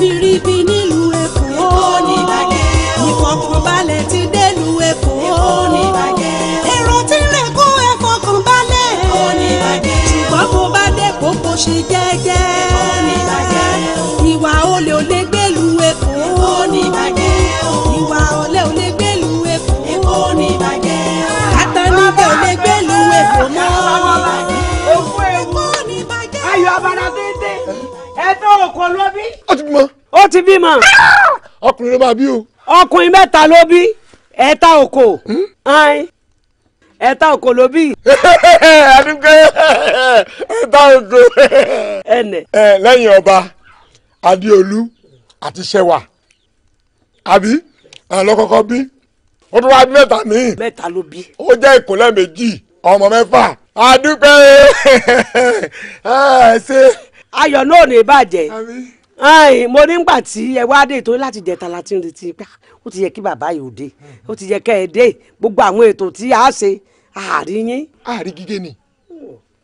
ríbiribi nílùú Èkó. Èkó ní bàjẹ́ o. Ìfọ̀kànbalẹ̀ ti délùú Èkó. Èkó ní bàjẹ́ o. Èrò tí ń rẹ̀ kó ẹ̀fọ̀kànbalẹ̀. Èkó ní bàjẹ́ o. Ṣùgbọ́n mo bá dé kókó ṣe jẹ́. ó ti bímọ. Ah! ọkùnrin ló máa bí o. ọkùnrin mẹ́ta ló bí ẹ̀ta òkò hmm? ẹ̀ta òkò ló bí. àdúgbò ẹ̀ta òkò. ẹnẹ. ẹ lẹ́yìn ọba adéolú àti ṣẹwà àbí lọ́kọ́kọ́ bí ó tún wá bí mẹ́ta míì. mẹ́ta ló bí. ó jẹ́ ìkúnlẹ̀ méjì ọmọ mẹ́fà àdúgbò ah, ẹ ṣe. ayọ̀ náà ní bàjẹ́. àmín mo ní ngbà tí ẹ wá dé ìtòrí láti jẹta láti ń retí ti yẹ kí bàbá yìí ò dé ó ti yẹ kẹ gbogbo àwọn ètò tí a ṣe àárín yín. àárín gígé ni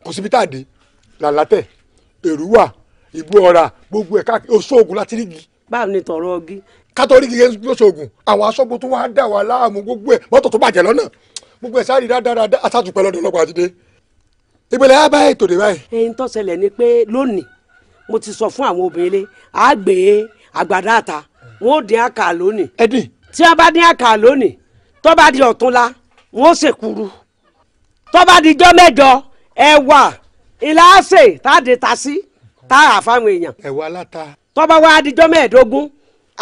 kò síbi tá a dé làlátẹ gbogbo ẹ̀ káàkiri oṣù láti rí gi. báwo ni tọrọ ọgí. kátólì gígé lóṣù àwọn aṣọ́gun tó wáá dà wá láàmú gbogbo ẹ̀ mọ́tò tó bàjẹ́ lọ́nà gbogbo ẹ̀ sáré lọ́dọ̀ ọlọ́pàá ti dé yà mo ti sọ fún àwọn obìnrin lé a gbé àgbàdo àta wọn ò dín àkà lónìí. ẹ dín. tí wọn bá dín àkà lónìí tó bá di ọ̀túnla wọn ò ṣèkúrú tó bá di jọ́ mẹ́jọ ẹ̀wà ìlàsè tá ta sí tá a rà fáwọn èèyàn. ẹ̀wà aláta. tó bá wá di jọ́ mẹ́ẹ̀ẹ́dógún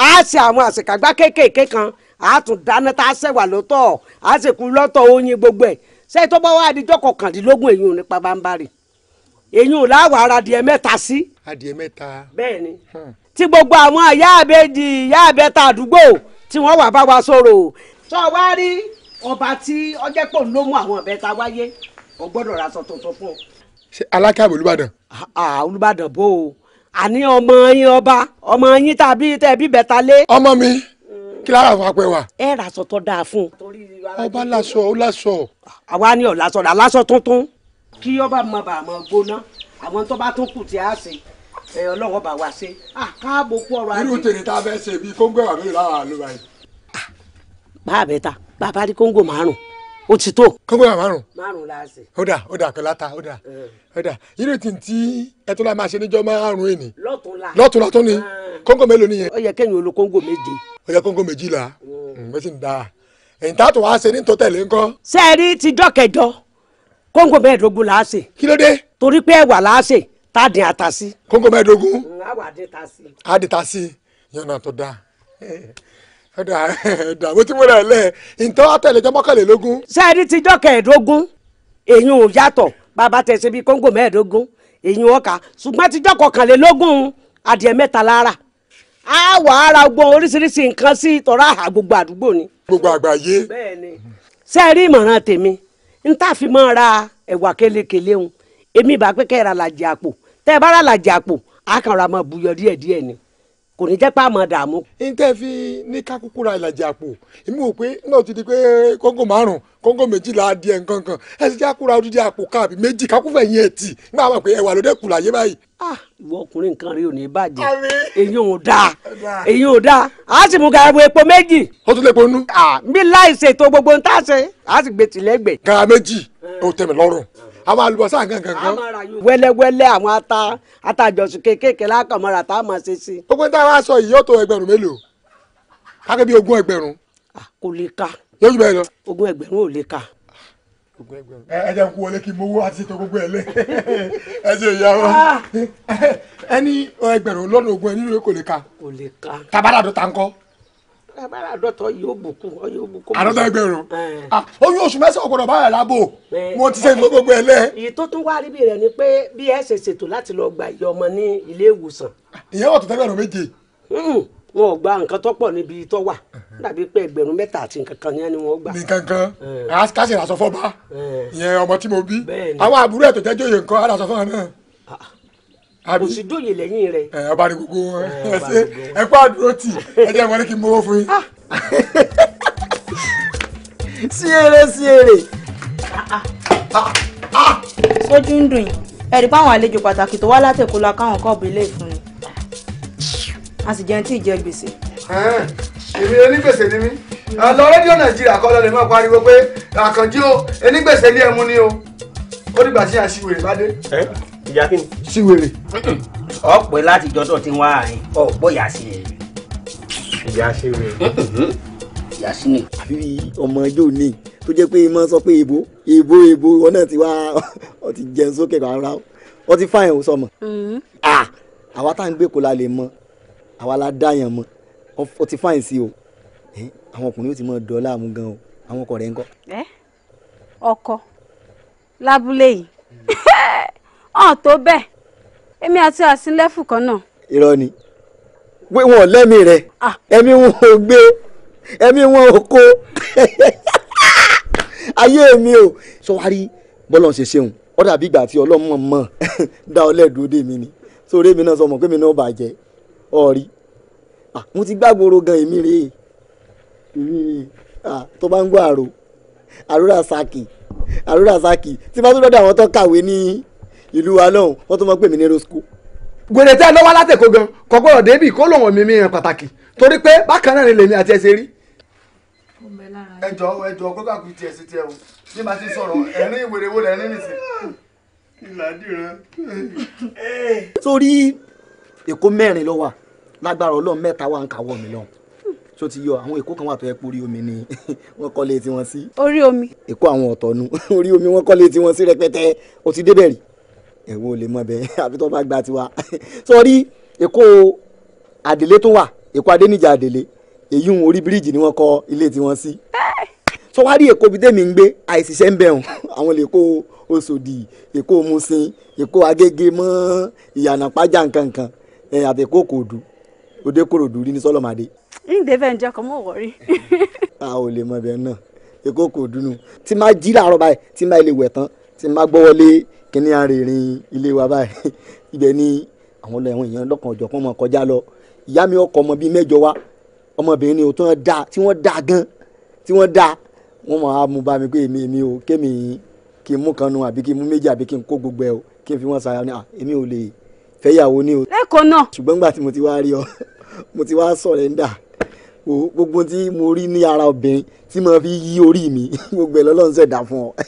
a ṣe àwọn àṣekágbá kéékèèké kan a tún dáná tá a ṣẹ̀wà lọ́tọ̀ a ṣèkúrú lọ́tọ̀ oyin gbogbo ẹ̀ ṣé tó bá wá di kọkàndínlógún èyí ò ní pa bá ń bá rè èyí ò láwọ̀ ara adìẹ mẹ́ta sí. adìẹ mẹ́ta. bẹ́ẹ̀ ni hmm. tí gbogbo àwọn àyà àbẹ́jì ìyá àbẹ́ta àdúgbò tí wọ́n wà bá wa sọ̀rọ̀. sọ wá rí ọba tí ọjọ́ pò ló mú àwọn ọ̀bẹ ta wáyé ó gbọ́dọ̀ ra sọ tuntun fún ọ. ṣé alákàbọ̀ olùbàdàn. olùbàdàn bò ó àní ọmọ yín ọba ọmọ yín tàbí tẹ̀bí bẹ̀ta lé. ọmọ mi kí lára àwọn apẹ wa. ẹ rà sọ dáa fún. ọba lásọ ó lásọ. àwa ni ọ̀ lásọ rà lásọ tuntun kí ọba mọ bàá mọ gbóná àwọn tó bá tún kù tí a ṣe ẹ ọlọ́wọ́ bá wa ṣe káàbò kú ọ̀rọ̀ àti. irú tèmi tá a fẹ́ ṣe bíi kóńgò àbí ìlànà ló yìí. bá a bẹ ta bàbá rí kóńgò márùn ó ti tó. kóńgò márùn. márùn la ṣe. ó dà ó dà kọ́ láta ó dà ó dà irú tìǹtì ẹ tó la máa ṣe níjọ́ márùn ẹ̀ ni. lọ́tùnla lọ́tùnla tó ni kóńgò mélòó nìyẹn. ó yẹ kẹ́yìn olo kóńgò méje. ó yẹ kóńgò méjìlá ó sì ń da ẹ̀yìn tá a tún wá ṣe ní tó tẹ̀lé ńkọ́. sẹ́ẹ̀rí tijọ́ kẹjọ kóńgò mẹ́ẹ̀ẹ́dógún là á sè. kí ló dé. torí pé ẹ̀wà là á sè tá a dín ata sí. kóńgò mẹ́ẹ̀ẹ́dógún. àwa àdín ta sí. àdín ta sí yànnà tó dáa ọ̀dà ẹ̀dà bó ti múra ẹ̀ lẹ̀ ǹtọ́ àtẹ̀lẹ́jọ́ mọ́kànlélógún. sẹ́ẹ̀rí tíjọ́ kẹẹ̀ẹ́dógún èyí ò yàtọ̀ bàbá tẹ̀sẹ̀ bíi kóńgò mẹ́ẹ̀ẹ́dógún èyí ọkà ṣùgbọ́n tíjọ́ kọkànlélógún adìẹ mẹ́ta lára á wà á ra gbọ́n oríṣiríṣi nǹkan sí ìtọ́ra àgbègbè àdúgbò ni. gbogbo àgbáyé. bẹ́ẹ̀ ni sẹ́ẹ̀rí ìmọ̀ràn tèmi n tá a fi máa ra ẹ̀wà kélekèlé ń èmi bá pé kẹ́ra làjì àpò tẹ́ bá ra làjì àpò a kàn ra máa buyọ díẹ̀ díẹ̀ ni kò ní jẹ́ pé a máa dààmú. n tẹ́ fi ní ká kúkú ra ìlàjì àpò èmi wò pé náà ti di pé kóńgò márùn kóńgò méjìlá díẹ̀ nǹkan kan ẹ ti jẹ́ àkúra odidi àpò káàbì méjì kákúfẹ̀yìn ẹ̀ tì nígbà wọn pé ẹ̀wà ló dẹ́kun láyé báyìí Ah, ìwọ ọkùnrin nǹkan rí ò ní bàjẹ́ èyí ò dáa èyí ò dáa a sì mú garabu epo méjì. ó tún lè ponú. mi láì ṣètò gbogbo ń tà ṣe a sì gbé tìlẹ́gbẹ̀ẹ́. garabu méjì ó eh. tẹ̀mí lọ́rùn àwọn àlùbọ́sà gangan. wẹ́lẹ́wẹ́lẹ́ àwọn ata atajọsùn kéékèèké lákàmọ́ra tá a máa ṣe sí. ó pé táwa sọ yìí yóò tó ẹgbẹ̀rún mélòó kákẹ́ bí ogún ẹgbẹ̀rún. Ah, kò lè ka. yóò jù bẹ́ẹ̀ lọ. ogún ẹgbẹ̀rún ò lè ka ẹ jẹ́ kú wọlé kí n mówó àti ṣètò gbogbo ẹ̀ lé ẹ ṣe ìyá wọn. Ah! ẹni ẹgbẹ̀rún lọ́nà ogún ẹni kò lè ka. kò lè ka. tabara dọ́ta ńkọ́. yóò bùkún yóò bùkún. àdọ́ta ẹgbẹ̀rún. Eh. Ah, oyún oṣù mẹ́sàn-án ọ̀gbọ̀dọ̀ báyà lábò wọn eh. ti ṣe ìlú gbogbo ẹ̀ lé. èyí tó tún wá ríbi rẹ̀ ni pé bí ẹ ṣe ṣètò láti lọ gbà ìyá ọmọ ní ilé ìwòsàn. Ah, ìyẹn wà wọn ò gba nǹkan tó pọ̀ níbi tó wà dàbí pé ẹgbẹ̀rún mẹ́ta àti nǹkan kan yẹn ni wọ́n gbà. nǹkan kan kásì rà sọ fọ́ bá ìyẹn ọmọ tí mo bí àwọn àbúrò ẹ̀ tó jẹ́ jòyè nǹkan àdàsọ fún ọ náà ah, ah. àbí kò sí dòye lẹ́yìn rẹ. ẹ ọba ní gbogbo wọn ẹ ṣe ẹ kó àdúró tì ẹ jẹ́ wọlé kí n mọ́wọ́ fún yín. Ah. sí eré sí eré. sójú ń dùn yìí ẹ̀rí pé àlejò pàtàkì tó wá látẹ̀kọ́ la káwọn kọ́ọ̀bù ilé ìfúnni a sì jẹun tí ì jẹ gbèsè. èmi onígbèsè ni mí lọ rédíò nàìjíríà kọ́ lọ́ọ́ lè máa pariwo pé àkànjí o onígbèsè ní ẹmu ni o ó dìgbà tí a ṣìwèrè bá dé. ìyá kí ni. ṣìwèrè. ọ̀pẹ láti jọ́dọ̀ tí wọ́n á rìn ọ̀pọ̀ ìyá sí I ìyá ṣìwèrè. ìyá sí ni. àfi ọmọ ẹjọ́ ní tó jẹ́ pé imọ̀ sọ pé èbó èbó èbó ọ̀nà tí wàá ọ̀ ti jẹun sókè rárá ọ̀ ti fáyẹn ò sọmọ. Mm-hmm. àwa tá à ń gbé kó la lè mọ àwa la dá yàn mọ́ ọ ti fáyìn sí o àwọn ọkùnrin yóò ti mọ dọ́là mú gan o àwọn ọkọ rẹ ń kọ. ọkọ lábúlé yìí ọ̀n tó bẹ́ẹ̀ èmi àti àsìnlẹ́fù kan náà. irọ́ ni pé wọn ò lẹ́mí rẹ ẹ̀mí wọn ò gbé ẹ̀mí wọn ò kó ayé mi o sọ wá rí ṣe ṣeun ó dàbí ìgbà tí ọlọ́mọ mọ̀ dá ọ lẹ́dùn dé mi ni sórí èmi náà sọ mọ̀ pé mi náà bàjẹ́ ọ̀rí mo ti gbàgbóró gan èmi rèé èmi rèé tó bá ń gbọ́ àrò àrúrà saki àrúrà saki tí bá tún lọ́dọ̀ àwọn tó kàwé ní ìlú wa lọ́hùn wọ́n tún mọ̀ pé mi ní rosco. gbèrè tẹ́ ẹ lọ́wọ́ látẹ̀kọ́ gan kọ́gbọ́rọ̀ débì kó lòun mímí yẹn pàtàkì torí pé bákan náà ni lèmi àti ẹsẹ̀ rí. ẹjọ ẹjọ kókà kù tiẹ̀ sí tiẹ̀ o bí màá ti sọ̀rọ̀ ẹ̀rín ìwèrè wo lẹ́rìn nìsín. ìlàdìrán. sórí èkó mẹ́rin ló wà lágbára ọlọ́run mẹ́ta wà ń kàwọ́ mi lọ tó ti yọ àwọn èkó kan wà tó yẹ pé orí omi ni wọ́n kọ́lé tiwọn sí. orí omi. èkó àwọn ọ̀tọ̀nu orí omi wọ́n kọ́lé tiwọn sí rẹpẹtẹ o ti débẹ̀ rí ẹ̀wọ́ ò lè mọ bẹ́ẹ̀ àbí tó bá gba tiwa sọrí èkó àdèlé tó wà èkó adéníjà àdèlé èyí ń orí bíríìjì ni wọ́n kọ́ ilé tiwọn sí sọ wá rí èkó bíi tèmi ń gbé àìsíṣẹ́ ń bẹ̀rùn àwọn lè kó Òṣòdì èkó Mùṣín èkó Agége mọ́ ìyànà pàjá nkankan àtẹ̀kó kò dùn òde kòròdú rí ní sọlọmọdé. ń débẹ̀ ń jẹ́ kọ́ mọ̀ wọ́rí. a ò lè mọ ibẹ̀ náà èkó kò dunu tí máa jí làárọ̀ báyìí tí máa lè wẹ̀ tán tí máa gbọ́wọ́lé kíní arìnrìn ilé wa báyìí ibẹ̀ ni àwọn ọlọ́yẹ̀wọ̀n èèyàn lọ́kàn ọ̀jọ̀ kan mọ̀ kọjá lọ ìyá mi ọkọ̀ ọmọ bíi mẹ́jọ wa ọmọbìnrin ni òtún da tí wọ́n da gan tí wọ́n da wọ́n mọ̀ á mú bá mi pé èmi èmi o kémi kí n mú kan àbí kí n mú méjì àbí kí n kó gbogbo ẹ kí n fi wọ́n sa ẹni à èmi ò lè fẹ́yàwó ni o. lẹ́kọ̀ọ́ náà. ṣùgbọ́n nígbà tí mo ti wá rí ọ mo ti wá sọ̀rẹ́ńdà o gbogbo tí mo rí ní ara obìnrin tí mo fi yí orí mi gbogbo ẹ̀ lọ́lọ́run ṣẹ̀dá fún ọ.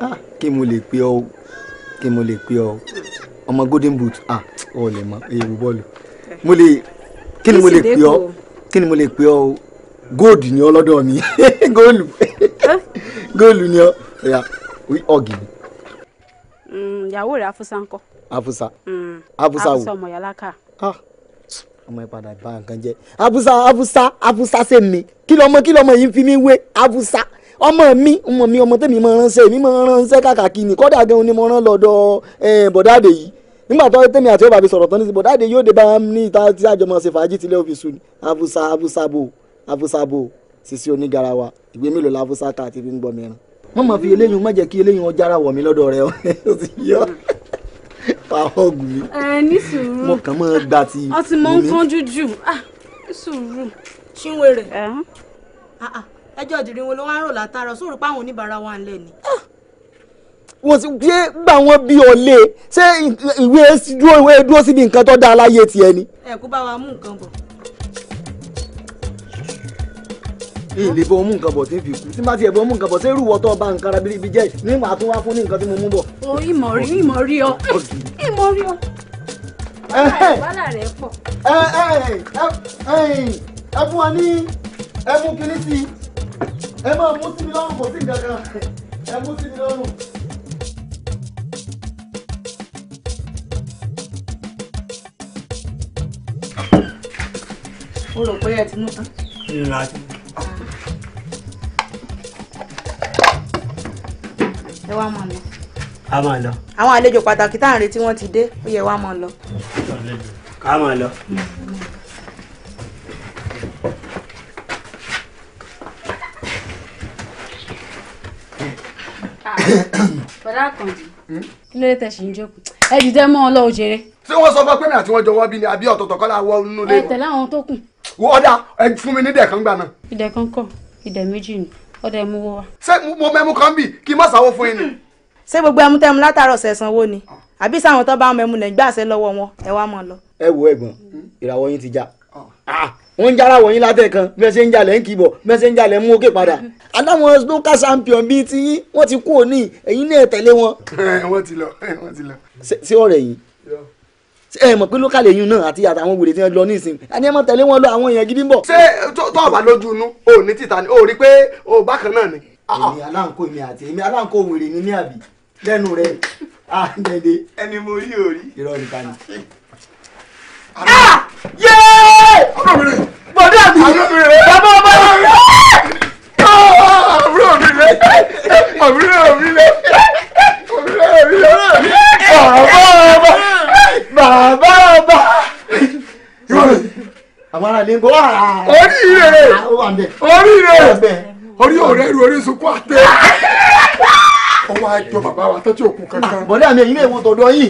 Ah, kí mo lè pe ọ kí mo lè pe ọ ọmọ golden boot ah ọ lè mọ ewu bọ́ọ̀lù mo lè kí ni mo lè pe ọ kí ni mo lè pe ọ gold ni ọ lọ́dọ̀ mi góòlù góòlù ni ọ ọ̀gì mi. Mm, ìyàwó rẹ̀ afusa ńkọ́. afusa mm. afusa wo afusa ọmọ yàlákà. Ah. ọmọ yẹn padà bá nǹkan jẹ afusa afusa afusa ṣe mi kí lọmọ kí lọmọ yìí fi mi wé afusa ọmọ mi ọmọ mi ọmọ tèmi mọ ránṣẹ́ mi mọ ránṣẹ́ kàkàkì ni kódà gan ni mo rán lọ́dọ̀ eh, bọdáde yìí nígbà tó tèmi àti bàbá mi sọ̀rọ̀ tán ní ti bọdáde yóò dé bá mi ní ìta tí àjọmọ ṣe fàájì tilé òfìsù ni afusa afusabo afusabo sisi onígarawa ìwé mélòó la afusa ká àti fi ń gbọ́ mìíràn mo mọ̀ fi eléyìí má jẹ́ kí eléyìí wọn jára wọ̀ mí lọ́dọ̀ rẹ o ti yọ fàwọn ògùn mi. ẹ ní sùúrù mo kàn máa gbà tí. ọtí mo ń kán jújù ah ní sùúrù ṣínwèrè ah, ah. ẹjọ́ ìdìrí wọn ló wá ń rò látara sóòrò páwọn oníbàárà wà ń lẹ̀ ni. Ah. wọ́n ti gbé gbà wọ́n bí ọ̀lẹ ṣé ìwé dúró síbi nǹkan tó dáa láyé tiẹ̀ ni. ẹ kó bá wa mú nǹkan bọ̀. ilé bọ́ mú nǹkan bọ̀ tí ń fi kú tí má ti ẹ̀ bọ́ mú nǹkan bọ̀ tí irúwọ́ tó bá nǹkan ara bíbí jẹ́ nígbà tó wá fún ní nǹkan tí mo mú bọ̀. o ìmọ̀ rí ìmọ̀ rí ọ ìmọ̀ rí ọ. wàhálà rẹ pọ̀. ẹ fún wa ní ẹ mú kinní sí i ẹ máa mú sí mi lọ́rùn kò sí nǹkan kan ẹ mú sí mi lọ́rùn. o rò pé ẹ ti mú tán. ẹ wá máa lọ. a máa lọ. àwọn àlejò pàtàkì tá à ń retí wọn ti dé ó yẹ wá máa lọ. ká máa lọ. bọ̀dá àkànjì hmm? kí ló dé tẹ̀ sí ń jókòó ẹ dìde mọ́ ọ lọ́wọ́ jèrè. ṣé wọ́n sọ fún pé mi àti wọn jọ wọ́ bí ni àbí ọ̀tọ̀ọ̀tọ̀ kọ́ la wọ inú ilé wọn. ẹ tẹ̀lé àwọn tó kù. wọ́n dà ẹ fún mi ní ìdẹ̀kan gbà náà. ìdẹ̀kan kọ ìdẹ̀ méjì ni ọ̀dẹ̀ mú wọ wa. ṣé mo mẹ́mú kan bì kí n má sanwó fún yín ni. ṣé gbogbo ẹmu tẹ́mu látàárọ̀ ṣẹ̀ sanwó ni àbí sáwọn tó bá ń mẹ́mu lẹ̀ ń gbàṣẹ lọ́wọ́ wọn ẹ wá mọ̀ lọ. ẹ wo ẹ̀gbọ́n ìràwọ̀ yín ti já ah. Ah, wọ́n ń jára wọ̀nyí látẹ̀ kan mẹ́sẹ̀ ń jalẹ̀ ń kìbọ̀ mẹ́sẹ̀ ń jalẹ̀ mú òkè padà. adáwọn snooker champion bíi ti yín wọ́n ti kú òní ẹ̀yin náà tẹ̀lé wọn. wọ́n ti lọ wọ́n ti lọ. ṣé ọ̀rẹ́ yìí ẹ mọ̀ pé local èyàn náà àti àtàwọn wèrè tí wọ́n lọ nísìn àní ẹ mọ̀ tẹ̀lé wọn lọ àwọn èèyàn gidi ń bọ̀. ṣé tó o bá lójú inú o ní títà ni o rí pé o bákan náà ni. èmi aláǹkó èmi àti èmi aláǹkó wèrè ni ní àbí lẹ́nu rẹ̀ ah dẹ́dẹ́. ẹni mo rí òrí. irọ́ ni ká ní. yéé bọ̀dọ̀ mi bàbá ọmọ mi. àbúrò mi lé àbúrò mi lé àbúrò mi lé àbúrò mi lé bàbá bá àwọn ará ilé ń bọ. oríire oríire orí ọ̀rẹ́ orí sunkún àtẹ. ọwọ́ àjọ bàbá wa tọ́jú òkun kankan. bọ̀dé àmì ẹ̀yin lè tọ̀dọ̀ yìí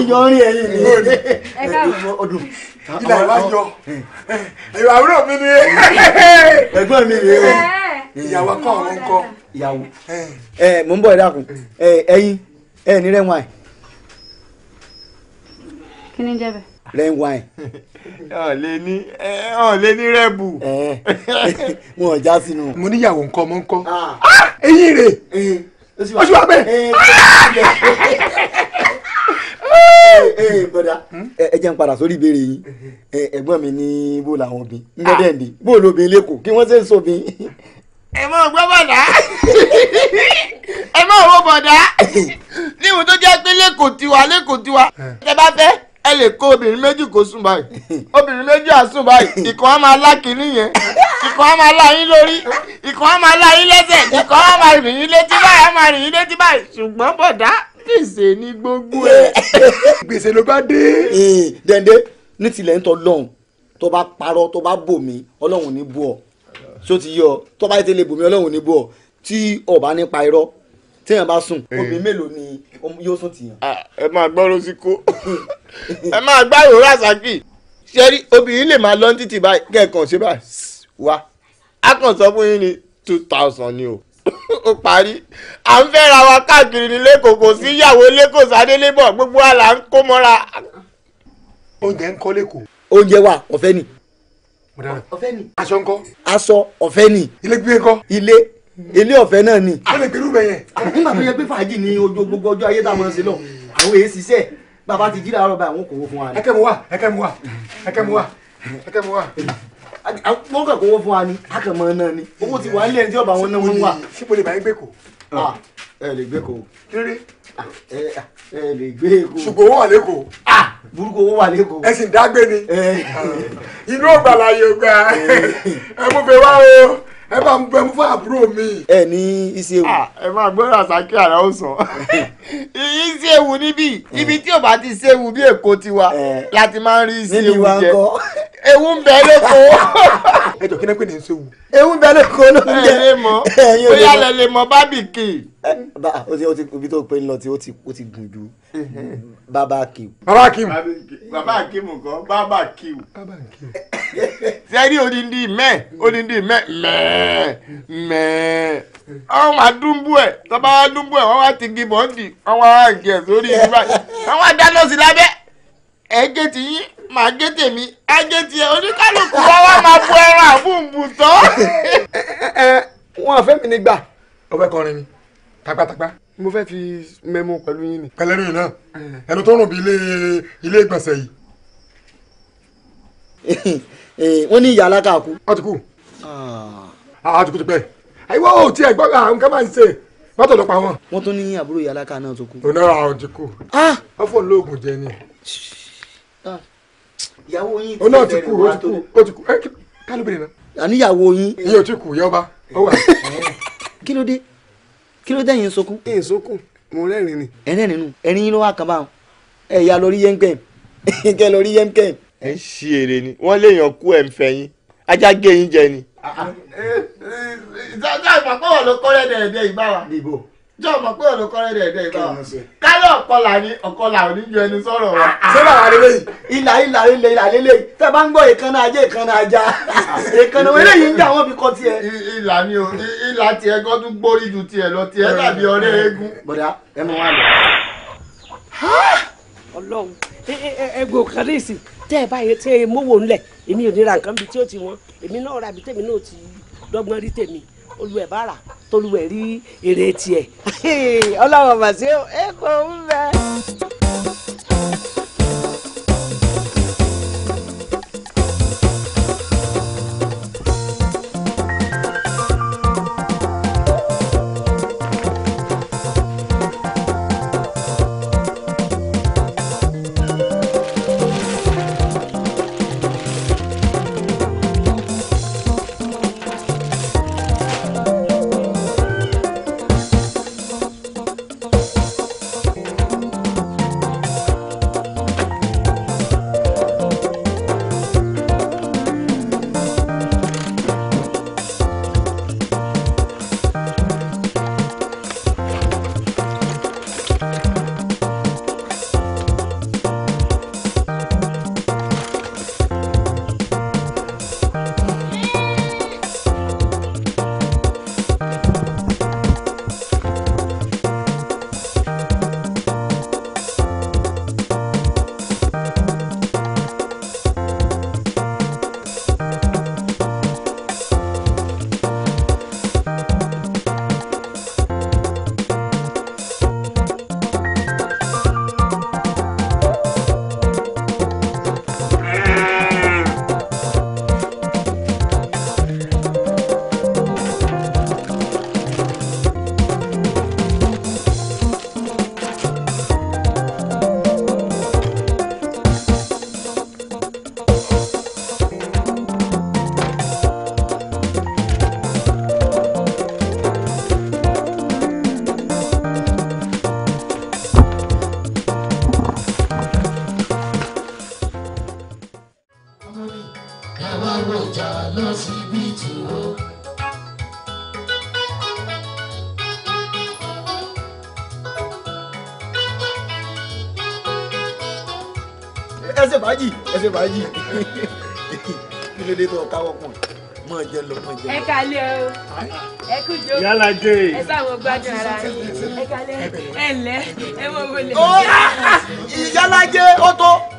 iyọ̀ ń rí ẹ̀yin ni ilà ìwà ìwà àbúrò mi ni. ẹ̀gbọ́n mi rèé ìyàwó akọ́ ọ̀rọ̀ ń kọ. ìyàwó ẹ mò ń bọ̀ ẹ dákun ẹ ní rẹ̀ wọ̀nyí kí ni jẹ́ bẹ̀. red wine. ọ̀ lè ní ọ̀ lè ní rẹ́bù. mo ò já sínú. mo níyàwó nǹkan mo ń kọ́. Ah. eyín rè eh, oṣù wa bẹ́ẹ̀. Eh, eh, bọ́dà hmm? ẹ jẹ́ n padà sórí ìbéèrè yìí ẹ̀gbọ́n mi ní bó làwọn bí n gbọ́dọ̀ ah. ǹdí bó lóbi lẹ́kọ̀ọ́ kí wọ́n ṣe ń sóbi ẹ máa gbọ́ bọ̀dá ẹ máa wọ bọ̀dá níwọ̀n tó jẹ́ pé lẹ́kọ̀ọ́ tiwa lẹ́kọ̀ọ́ tiwa ẹ bá fẹ́ ẹ lè kó obìnrin méjì kó sùn báyìí obìnrin méjì á sùn báyìí ìkan á máa lá kínní yẹn ìkan á máa lá yín lórí ìkan á máa lá yín lẹ́sẹ̀ ìkan á máa rìn yín létí báyìí á máa rìn yín létí báyìí ṣùgbọ́n bọ̀dá gbèsè ní gbogbo ẹ̀. gbèsè ló bá dé. dẹ́ndé ní tilẹ̀ ń tọ́ lọ́hùn tó bá parọ́ tó bá bò mí ọlọ́run ní bú ọ tó ti yọ tó bá tẹ̀lé bò mí ọlọ́run ní bú ọ tí ọba nípa irọ́ téèyàn bá sùn eh. obìnrin mélòó ni yóò sùn tìyàn. Ah, ẹ máa gbọ́ rosiko ẹ máa gbá ìrora saki ṣẹ́rí obìnrin lè máa lọ ní títì báyìí kẹ́ẹ̀kan ṣe báyìí wá a kàn sọ fún yín ní two thousand ni o ó parí à ń fẹ́ra wa káàkiri ní lẹ́kọ̀ọ́ kò sí ìyàwó lẹ́kọ̀ọ́ sádélébọ̀ gbogbo wa là ń kó mọ́ra. oúnjẹ ń kọ́ lẹ́kọ̀ọ́. oúnjẹ wa ọ̀fẹ́ ni. ọ̀fẹ́ ni. aṣọ ń kọ́. aṣọ ọ̀fẹ́ ni. ilé gbígbé kọ́. ilé ilé ọ̀fẹ́ náà ni. ó lè pẹ̀lú bẹ̀yẹn. nígbà tó yẹ pé fàájì ni ojú gbogbo ọjọ́ ayé táwọn ṣe lọ àwọn èyí ṣiṣẹ́ bàbá ti jí làárọ̀ báyìí àwọn kò wó fún wa ni. ẹkẹ mu wa ẹkẹ mu wa ẹkẹ mu wa ẹkẹ mu wa. wọ́n kàn kó wó fún wa ni akẹ́mọ náà ni owó ti wà nílẹ̀ ní ọba wọn náà wọn wà. sípò lè bá yín gbé kò. ẹ lè gbé kò. kéré. ẹ lè gbé kò. ṣùgbọ́n owó wà lẹ́kọ̀ọ́. burúkú owó wà lẹ́kọ̀ọ́. ẹ sì inú ọgbà la ẹ mú fẹ́ wá o ẹ bá ń bẹ mú fún àbúrò mi. ẹ ní iṣẹ́ ewu. ẹ máa gbọ́ rasaki ara ó sọ. iṣẹ́ ewu níbí ibi tí ò bá ti ṣe ewu bí èkó tiwa láti máa ń rí iṣẹ́ ewu jẹ ewu ń bẹ lóko. ẹ jọ kí ni pé ní iṣẹ́ ewu. ewu ń bẹ lóko ló ń jẹ. ẹ lè mọ bóyá lè lè mọ bábìkì. bá a o ti ibi tó pé ń lọ tí ó ti gùn jù. Baba kiw. baba kiw. baba kiw nǹkan bàbá kiw. bàbá kiw. sẹ́ni odindi mẹ́ odindi mẹ́ mẹ́ mẹ́ àwọn máa dúnbú ẹ̀ tọ́ba wa dúnbú ẹ̀ wọ́n wá ti gi bọ́ǹdì wọ́n wá gẹ̀ sórí ìgbà wọ́n wá dáná sí lábẹ́ ẹ̀ gé ti yín màá gé tèmi á gé tiẹ̀ oníkálukú wọn wá máa bu ẹran àbúǹbù tán. wọn àfẹ́ mi ní ọbẹ̀ kọrin ni tagbátagba mo fẹ́ fi mẹ́mú pẹ̀lú yín ni. pẹ̀lẹ́rù yìí náà eh. ẹnu tó rùn bí ilé ilé ìgbọ̀nsẹ̀ yìí. Eh, wọ́n ní ìyá aláka kú. wọ́n ti a ah. ah, ti kú pẹ́. àyíwá ò tiẹ̀ gbọ́ àwọn ah, nǹkan ń ṣe mọ́tò ló pa wọn. wọ́n tún ní àbúrò ìyá aláka náà tó kú. òun náà àwọn ti kú. wọ́n fọ̀ lóògùn jẹ ni. ìyàwó yín ti bẹ̀rẹ̀ wá tó. ó ti kú eh, kálíbìrì ti kú yọba kí ló dé kí ló dẹ́yìn sọkún. ẹ̀yìn sokun. mo rẹ́rìn ni. ẹ rẹ́rìn nù ẹ̀rín yín ló wá kàn báwọn ẹ ya lórí yemkem kẹ lórí yemkem. ẹ ń ṣí èrè ni wọ́n léèyàn kú ẹ̀ ń fẹ́ yín ajá gé yín jẹ ni. Ah, ah. ìtajà ìpàkọ́wọ̀ ló kọ́ lẹ́dẹ̀ẹ́dẹ́ ìbára jọ mọ̀ pé ọ̀dọ̀ kọ́rẹ́ rẹ̀ dẹ̀ gan. kálọ̀ ọ̀kọlà ni ọ̀kọlà ò ní ju ẹni sọ̀rọ̀ wa. sọ́dọ̀ àwọn àdéhùn yìí ìlà ìlà ilé ìlà tá tẹ́ bá ń gbọ́ èkánná ajé èkánná ajá èkánná wẹ́lẹ̀ yìí ń jà wọ́n fi kọ́ tiẹ̀. ìlà ni o ìlà tiẹ̀ gan tún gbórí ju tiẹ̀ lọ tiẹ̀ tàbí ọ̀rẹ́ eégún. bọ̀dá ẹnu wa lọ. ọlọ́run ẹgbẹ́ òkàdé ìsìn tẹ́ ẹ báyìí tẹ́ ẹ mówó ńlẹ̀ èmi ò ní ra nǹkan bíi tí ó ti wọ́n èmi náà ra bíi tèmi náà ti dọ́gbọ́n rí tèmi olùwẹ̀ bá rà tolùwẹ̀ rí èrè tiẹ̀ ọlọ́run màsí ẹ kò ń bẹ́ẹ̀. ẹ ṣe fàájì ẹ ṣe fàájì kí ló dé tó káwọ́ pọ̀ mọ jẹ lọ mọ jẹ lọ. ẹ kálẹ́ o ẹ kú jó yálà jẹ ẹ sáwọn gbádùn ara ẹ kálẹ́ ẹ mọ wọlé. yálà jẹ ó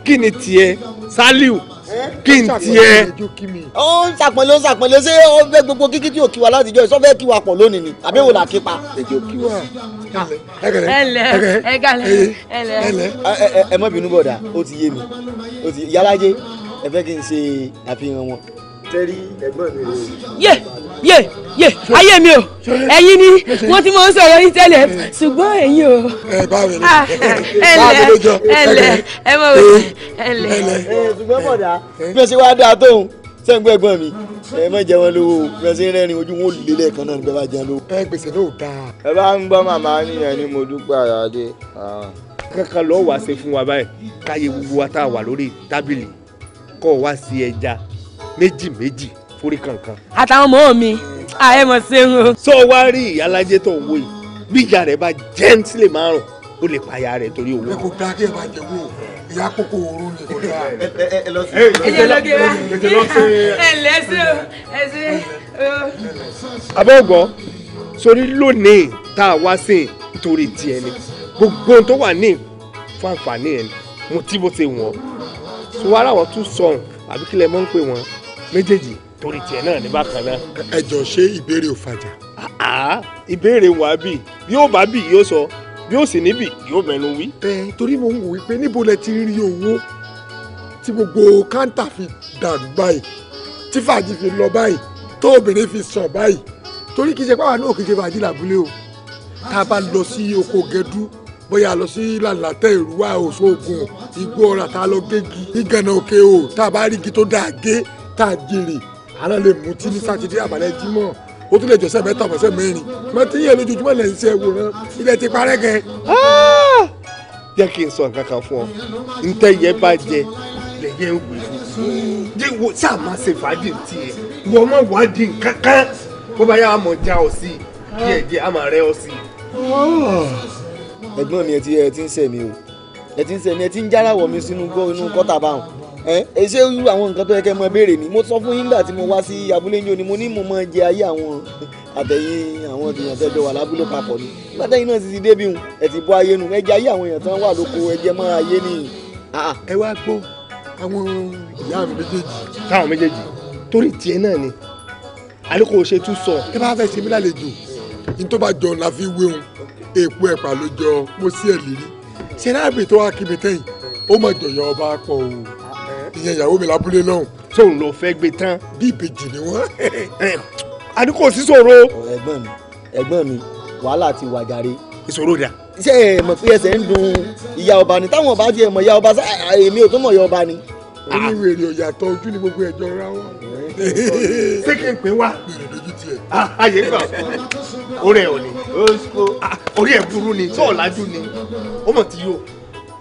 kí ni tiẹ̀ Sàlíù kí n tiẹ̀. ó ń sàpọ̀lọ́ sàpọ̀lọ́ ṣé ó fẹ́ gbogbo kíkí tí ò kí wa láti jọ ìsọ́fẹ́ kí wa pọ̀ lónìí ni àbí wò la kí pa. ẹlẹ ẹlẹ ẹlẹ. ẹ má bínú bọ̀dà ó ti yé mi ó ti ẹ fẹ́ kí n ṣe àfihàn wọn. tẹ́rí ẹ̀gbọ́n mi rè yé yé ayé mi o ẹ̀yin ni wọ́n ti máa ń sọ̀rọ̀ yín tẹ́lẹ̀ ṣùgbọ́n ẹ̀yin o. ẹ bá mi lọ ẹ lẹ ẹ lẹ ẹ mọ̀ wẹ̀ ẹ lẹ. ṣùgbọ́n bọ̀dà bí wọ́n ṣe wá dáa tóun sẹ́ńgbọ́n ẹ̀gbọ́n mi ẹ má jẹ wọn lówó fẹsẹ̀ rẹ́rìn ojú wọn lè lẹ́ẹ̀kan náà nígbà bá jẹun lówó. ẹ gbèsè náà dáa. ẹ bá ń gbọ́ màmá nìyẹn ni mo dúpẹ́ àràdé. kankan lọ́ọ́ wá ṣe fún wa báyìí káyé gbogbo wa tá a wà lórí tábìlì kọ́ ọ wá sí ẹja méjì méjì forí kankan. àtàwọn ọmọ mi ààyè mọ̀ sẹ́hun o. sọ wá rí ìyálájẹ tó ń wò yìí bí ìyá rẹ bá jẹ́ǹtì lè márùn ó lè pa ìyá rẹ torí owó. ẹ kò dá kí ẹ bá jẹ wò ìyá kókó ooru ni kò dá. ẹ lọ sí ẹ lọ sí ẹ lọ sí ẹ lẹ sí o ẹ sí o. abẹ́ògbọ́ sórí lónìí tá a wá sí nítorí tiẹ̀ ni gbogbo ohun tó wà ní fún àǹfààní ẹ̀ ni mo tí bó ṣe wọ̀n. sọ wàrà wọn tún sọ̀rùn àbí kílẹ̀ mọ́ ń pè wọ́n méjèèjì torí tiẹ̀ náà ní bákan náà. ẹ jọ ṣé ìbéèrè ò fàjà. ìbéèrè wà bì bí ó bá bì yóò sọ bí ó sì níbì yóò mẹ́nu wí. ẹ torí mo ń wò wípé níbo lẹ ti rí owó tí gbogbo káńtà fi dàrú báyìí tí fàájì fi lọ báyìí tó obìnrin fi sàn báyìí torí kì ṣe pàwọn náà kì ṣe fàájì làbúlé o tá a bá lọ sí oko gẹdú bóyá lọ sí làlàtẹ ìrúwà òṣoògùn igbó ọ̀rà tá a lọ gégi ìgànnà òkè o tá a bá rí igi tó dáa gé tá a jèrè àná lè mutí ní sátidé àbálẹ̀ jímọ̀ ó tún lè jọ́sẹ̀ mẹ́ta ọ̀sẹ̀ mẹ́rin mọ tí yẹn lójoojúmọ́ lẹ́yìn sí ẹwòrán ilẹ̀ ti parẹ́ gẹ. Ah! jẹ́ kí n sọ nǹkan kan fún ọ ntẹ́ yẹ bá jẹ lẹ́yẹ ń wù ú jẹ́ wo sáà máa ṣe fàájì tiẹ̀ wọ́n máa wádìí nǹkan kan bó bá yà á mọ̀ já ọ sí díẹ̀ díẹ̀ á máa rẹ́ ọ sí. Ah! ẹ̀gbọ́n mi ẹ ti ń sẹ̀ mi o ẹ ti ń sẹ̀ mi ẹ ti ń jára wọ̀ mi sínú gbọ́ inú kọ́tà báwọn ẹ ṣé irú àwọn nǹkan tó yẹ kẹ́ mọ béèrè ni mo sọ fún yín nígbà tí mo wá sí abúlé ńjọ ni mo ní mo máa jẹ ayé àwọn àtẹ̀yìn àwọn èèyàn tẹ́ jọ wà lábúlé papọ̀ ni nígbà tẹ́yìn náà ti ti débi hùn ẹ ti bọ́ ayé nu ẹ jẹ ayé àwọn èèyàn tán wà lóko ẹ jẹ mọ́ ayé nìyí. Ah, ah. ẹ wá gbọ́ àwọn ìyá mi méjèèjì táwọn méjèèjì torí tiẹ̀ náà ni àlékò ṣe tún sọ ẹ bá fẹ́ ṣe mí lálejò ní tó bá jọ la fi wéhun èèpo ẹ̀pà ló jọ mo sí ẹ̀ lérí ṣe láàbì tó wá kí mi tẹ́yìn ó mọ̀ jọ̀yọ̀ ọba pọ̀ o ìyẹn ìyàwó mi lábúlé náà. tóun ló fẹ́ gbé tán. bí ìbejì ni wọ́n. àdúgbò sí ṣòro. ẹ̀gbọ́n mi ẹ̀gbọ́n mi wàhálà ti wà jàre. ìṣòro dà. iṣẹ́ ẹ̀ mọ̀ pé ẹsẹ̀ ń dùn ìyá ọba ni táwọn ọba tiẹ̀ mọ̀ ìyá ọba sá èmi ò tún mọ̀ ìyá ọba ni. Ah. oníwèrè ọ̀yàtọ̀ ojú ni gbogbo ẹ̀jọ̀ ra wọn. ṣé kí n pè wá. Ah, ayé gbà orí ẹ̀ ò ní ah, orí ẹ̀ burú ni sọ́ọ̀lájú ni ó mọ̀ ti yóò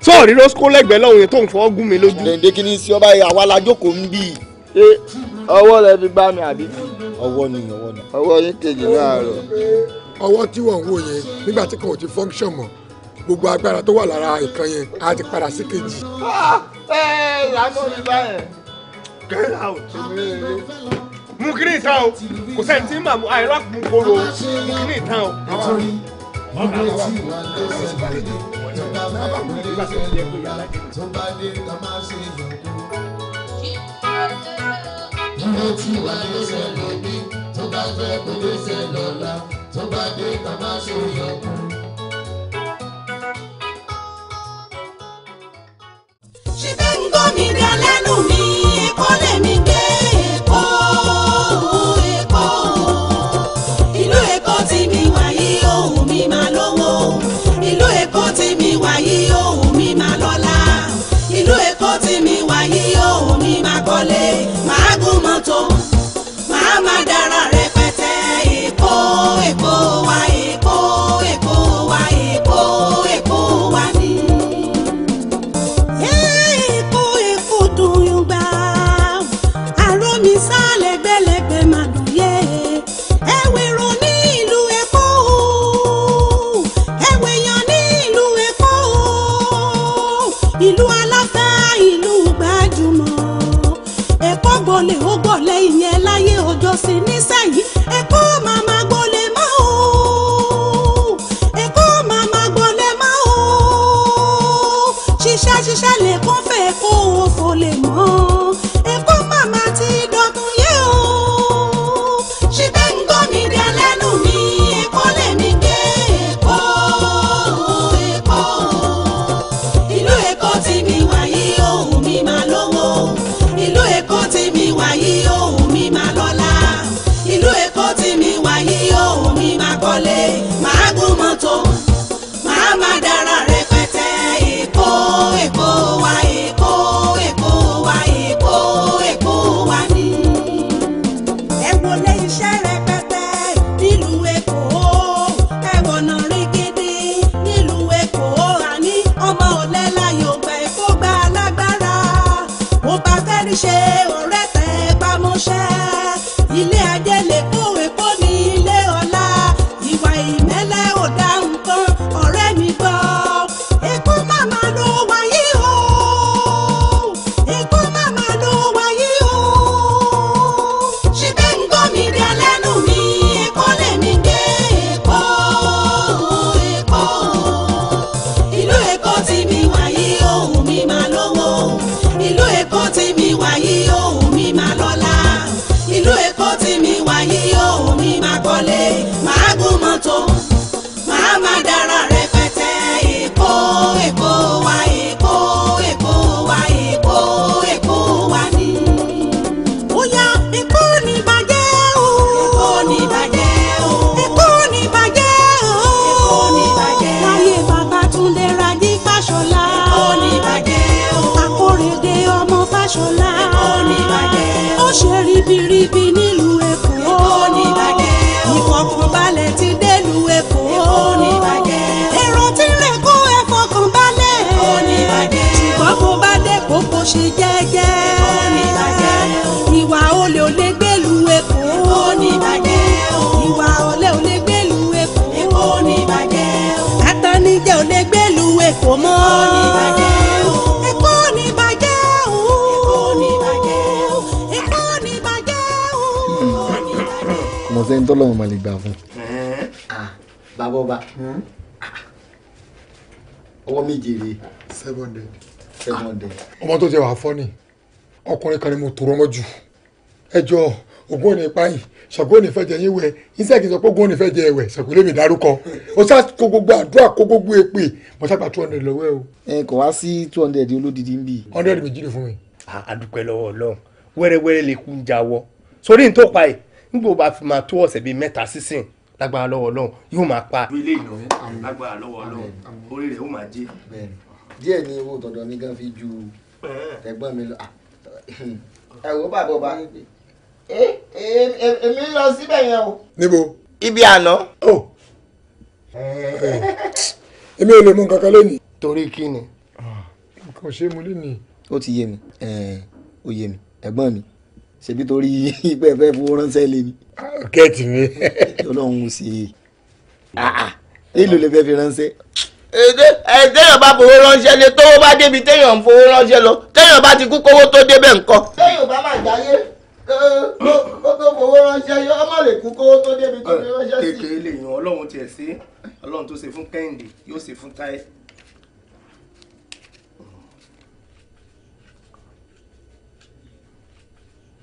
sọ́ọ̀rí rosco lẹ́gbẹ̀ẹ́ lọ́hùn yẹn tó ń fọ́ gún mi lójú. dèndé kí ni sí ọba yìí àwa la jókòó ń bì. ṣé ọwọ́ rẹ fi gbá mi àbí. ọwọ́ ni ọwọ́ ni. ọwọ́ yín kejì láàárọ̀. ọwọ́ tí wọ́n ń wò yẹn nígbà tí kan ò ti function mọ́ gbogbo agbára tó wà lára ìkan yẹn á ti padà sí kejì. ẹ ẹ ìyàtọ̀ mi báyẹn. get out. mú kíní ìtàn o kò sẹ́ni tí màmú àìrọ́pù kóró mú kíní ìtàn o. ọ̀rọ̀ àwọn ọ̀rọ̀ àwọn ọ̀rọ̀ tó bá bá dé tó bá dé ká má ṣe yọ̀kú. Dúró tí wà ló ṣe lóní, tó bá fẹ́ kó ló ṣe lọ́la, tó bá dé ká má ṣe yọ̀kú. Ṣé bẹ́ẹ̀ ń gbọ́ mi dá lẹ́nu mi? wọlé màá gùn mọ́tò. ọmọ tó jẹ wàá fọ́ ni ọkùnrin kan ni mo tòrọ mọ́ jù ẹjọ́ ògùn òní pa yìí ṣàgbọ́n òní fẹ́ jẹ yín wẹ̀ ìṣẹ́kì sọ pé ògùn òní fẹ́ jẹ ẹ̀wẹ̀ ṣàgbọ́n lèmi dárúkọ ó sá kó gbogbo àdúrà kó gbogbo èpè mo ṣàgbà two hundred lọ́wọ́ ẹ o. ẹ kò wá sí two hundred olódìdí ń bì. hundred méjì lè fún mi. àdúpẹ́ lọ́wọ́ ọlọ́run wẹ́rẹ́wẹ́rẹ́ lè kú ja wọ sórí ní tó pa ẹ̀ nígbà bá fi máa tó ọ̀sẹ̀ bíi mẹ́ta sísìn lágbára lọ́wọ́ ọlọ́run yóò máa pa. ilé ìnáwó lágbára lọ́wọ́ ọlọ́run orí rẹ̀ ó máa jẹ́ díẹ̀ ni owó tọ̀dọ̀ mi gan fi ju ẹ̀gbọ́n mi lọ ah, ẹ wo bàbá ọba èmi lọ síbẹ̀ yẹn o. níbo. ibi àná. Oh. èmi ò lè mú nǹkan kan lónìí. torí kí ni. nǹkan ò ṣe é mu lónìí. ó ti yé mi ó yé mi ẹ̀gbọ́n mi ṣebí torí ìpẹ́ fẹ́ fowó ránṣẹ́ lé mi. kẹ́ẹ̀tì mi. ọlọ́run ṣe é èlò lè fẹ́ fi ránṣẹ́ téèyàn bá fowó ránṣẹ́ lé tówó bá débi téèyàn ń fowó ránṣẹ́ lọ téèyàn bá ti kú kówó tó débẹ̀ nǹkan. téèyàn bá máa gbáyé kó tó fowó ránṣẹ́ yọ ọmọ lè kú kówó tó débi tó fi ránṣẹ́ sí. kékeré lè yan ọlọ́run tiẹ̀ sí ọlọ́run tó ṣe fún kẹ́hìndé yóò ṣe fún táyé.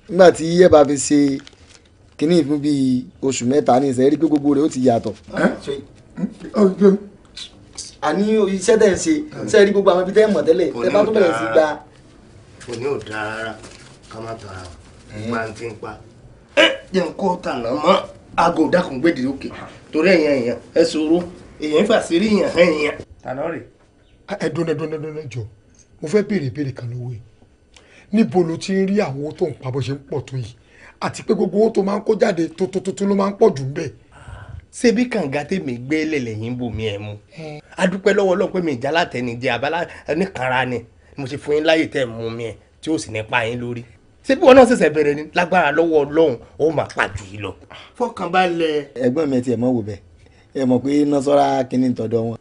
nígbà tí yíyẹ bá fi ṣe kínní fún bíi oṣù mẹ́ta ní ìsẹ́yẹ́rí pé gbogbo rẹ̀ ó ti yàtọ̀ àní iṣẹ́ tẹ̀ ń ṣe ṣe rí gbogbo àwọn ibi tẹ́ ẹ̀ mọ̀ tẹ́lẹ̀ ẹ bá tó bẹ̀rẹ̀ sí gba. kò ní ò dáa rárá ká má tọ̀ra o máa ń fi ń pa. ẹ jẹ́ ń kọ́ tànà mọ́ aago dákun gbèdè òkè torí ẹ̀yàn èèyàn ẹ sọ̀rọ̀ èèyàn fà sí rí èèyàn èèyàn. tànà rè. ẹ dúnlẹ̀ dúnlẹ̀ jọ mo fẹ́ béèrè béèrè kan lówó yìí níbo ló ti ń rí àwọn owó tó ń pa bó ṣe ń ṣebí kànga tèmi gbé lẹ́lẹ́yìn bòmí ẹ̀ mu adúpẹ́ lọ́wọ́ ọlọ́run pé mi ìjà látẹnijẹ àbálá nìkanra ni mo ṣe fún yín láyè tẹ́ mú mi ẹ̀ tí ó sì ní pa yín lórí ṣebí wọn náà ṣẹ̀ṣẹ̀ bẹ̀rẹ̀ ni lágbára lọ́wọ́ ọlọ́run ó máa pàjù yìí lọ. fọkànbalẹ̀. ẹ̀gbọ́n mi ti ẹ mọ wò bẹ́ẹ̀ ẹ mọ pé nọsọra kìíní tọ̀dọ̀ wọn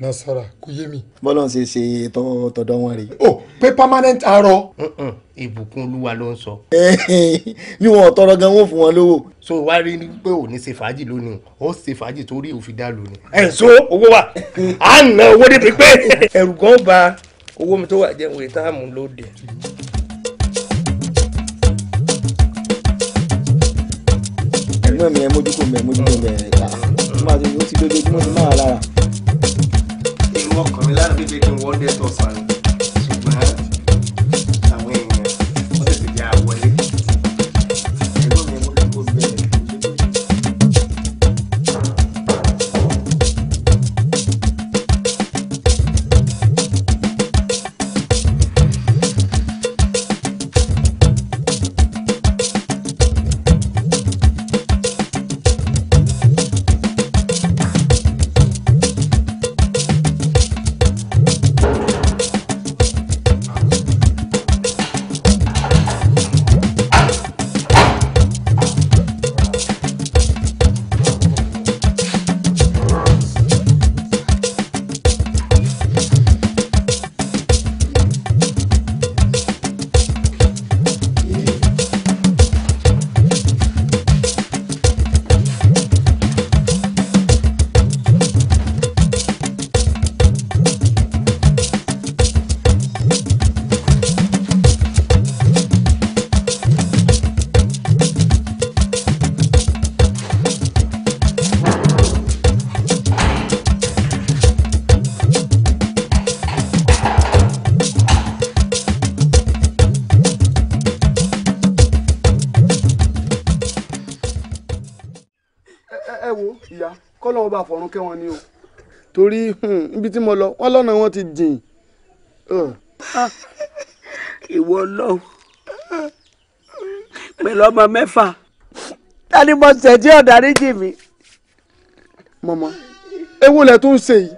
nasara kò yé mi. bọ́lá ṣe ṣe tọ́tọ́dọ́ wọn rè. o oh, pé permanent arọ. ìbùkún olúwa ló ń sọ. bí wọn tọrọ gan wọn fún wọn lówó. so wá rí i pé ò ní ṣe fàájì lónìí ó ṣe fàájì torí òfin dá lónìí. ẹ̀ ń so owó wa à ń ná owó débi pé ẹ̀rù kan ba owó mi tó wà jẹun èyí tá a mú lóde. ẹ̀gbọ́n mi ẹ̀ mójútó mi ẹ̀ mójútó mi ẹ̀ ká ó ti dójoojúmọ́ ti máa lára ọkùnrin láti fi kí n wọ́n dé tọ̀sán. bá fọ̀run kẹ́ wọn ni o torí ibi hmm, tí mo lọ wọn lọ́nà wọn ti jìn. Hmm. ìwọ ọlọ́run pẹ̀lú ọmọ mẹ́fà ta ni mo ṣẹ̀ tí jì mí. mọ̀mọ́ ewu lẹ̀ tún ṣe yìí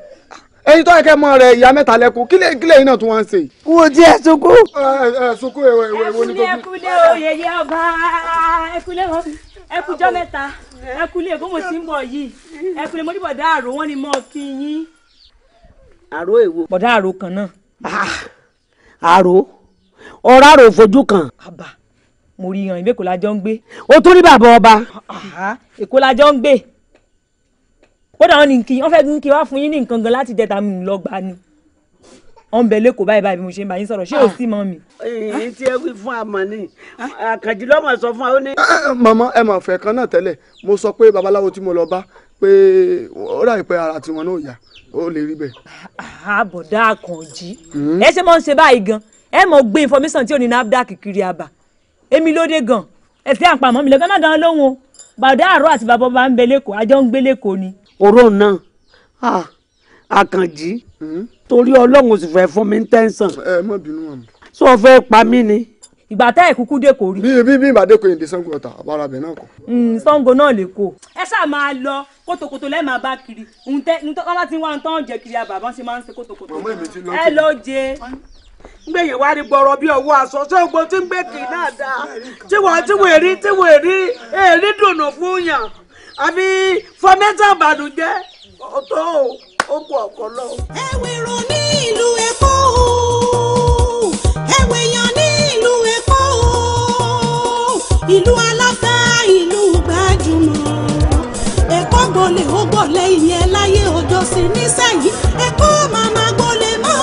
ẹyin tó yẹ kẹ́ ìyá mẹ́ta lẹ́kùn kílẹ̀ kílẹ̀ náà tún wá ń ṣe. wo ti ẹ sunkún. ẹ sunkún ẹ wo ni tó bí. ẹkúlé ẹkúlé oyè yẹ ọba ẹkúlé ẹkújọ mẹ́ta ẹ kúlé bó mo ti ń bọ̀ yìí ẹ kúlé mo ní bọ̀dá àrò wọn ni mo kí yín. àrò èwo. bọ̀dá àrò kan náà. Ah, àrò ọ̀rọ̀ àrò fojú kan. àbá mo rí yan ìbí èkó la jọ ń gbé. o tún rí bàbá ọba. èkó la ń gbé. kódà wọn ni kí wọn fẹ́ kí wọn fún yín ní nǹkan gan láti jẹta mi lọ ni ọ̀nbẹ lẹ́kọ̀ọ́ báyìí báyìí mo ṣe ń bá yín ṣé o ah. sì mọ̀ mi. èyí eh, tí ẹ wí fún àmọ́ ni àkànjí lọ́mọ sọ fún ọ ní. Ah, ah, Mama, ẹ mà fẹ́ kan náà tẹ́lẹ̀ mo sọ pé babaláwo tí mo lọ bá pé ó dàbí pé ara tiwọn náà yá ó lè rí bẹ́ẹ̀. àbọ̀dá àkànjí hmm? ẹ ṣe máa ń ṣe báyìí gan ẹ mọ̀ gbé information tí ò ní NAFDAC kiri àbà èmi ló gan ẹ fi àpamọ́ mi lọ fẹ́ má dáná o bàdá àárọ̀ àti bàbá bá ń bẹ lẹ́kọ̀ọ́ àjọ ń gbé lẹ́kọ̀ọ́ ni. òró náà àkànjí. Hmm? torí ọlọ́run sì fẹ́ fún mi ń tẹ́sán. ẹ mọ bínú wọn. sọ fẹ́ pa mí ni. ìgbà tá ẹ kúkú dé kò rí. bí bí bí ìbàdí kò yìnde sango ọ̀tà àbára bẹ̀ náà kọ. sango hmm, náà lè kó. ẹ ṣáà máa lọ kótókótó lẹ́ẹ̀ máa bá kiri nǹkan bá ti wá ń tán jẹ kiri àbàbá ṣe máa ń ṣe kótókótó. ẹ lọ jẹ gbẹ̀yìn wá rí gbọ́rọ̀ bí ọwọ́ aṣọ ṣé ogun tí ń gbé kì í náà dáa tí wọ́n tí wọ́n èrí tí wọ́n èrí èrí dùnú fún yàn àbí fọmẹ́tà ìbànújẹ́ ọ̀tọ̀ o ó kú ọ̀pọ̀ lọ. ẹ̀wẹ̀ rò ní ìlú Èkó o ẹ̀wẹ̀ yàn ní ìlú Èkó o ìlú aláfẹ́ ìlú gbajúmọ̀ Èkó gbolè ó gbolè ìyẹn láyé ọjọ́ sí nísẹ̀yìn Èkó màmá gbolè mọ́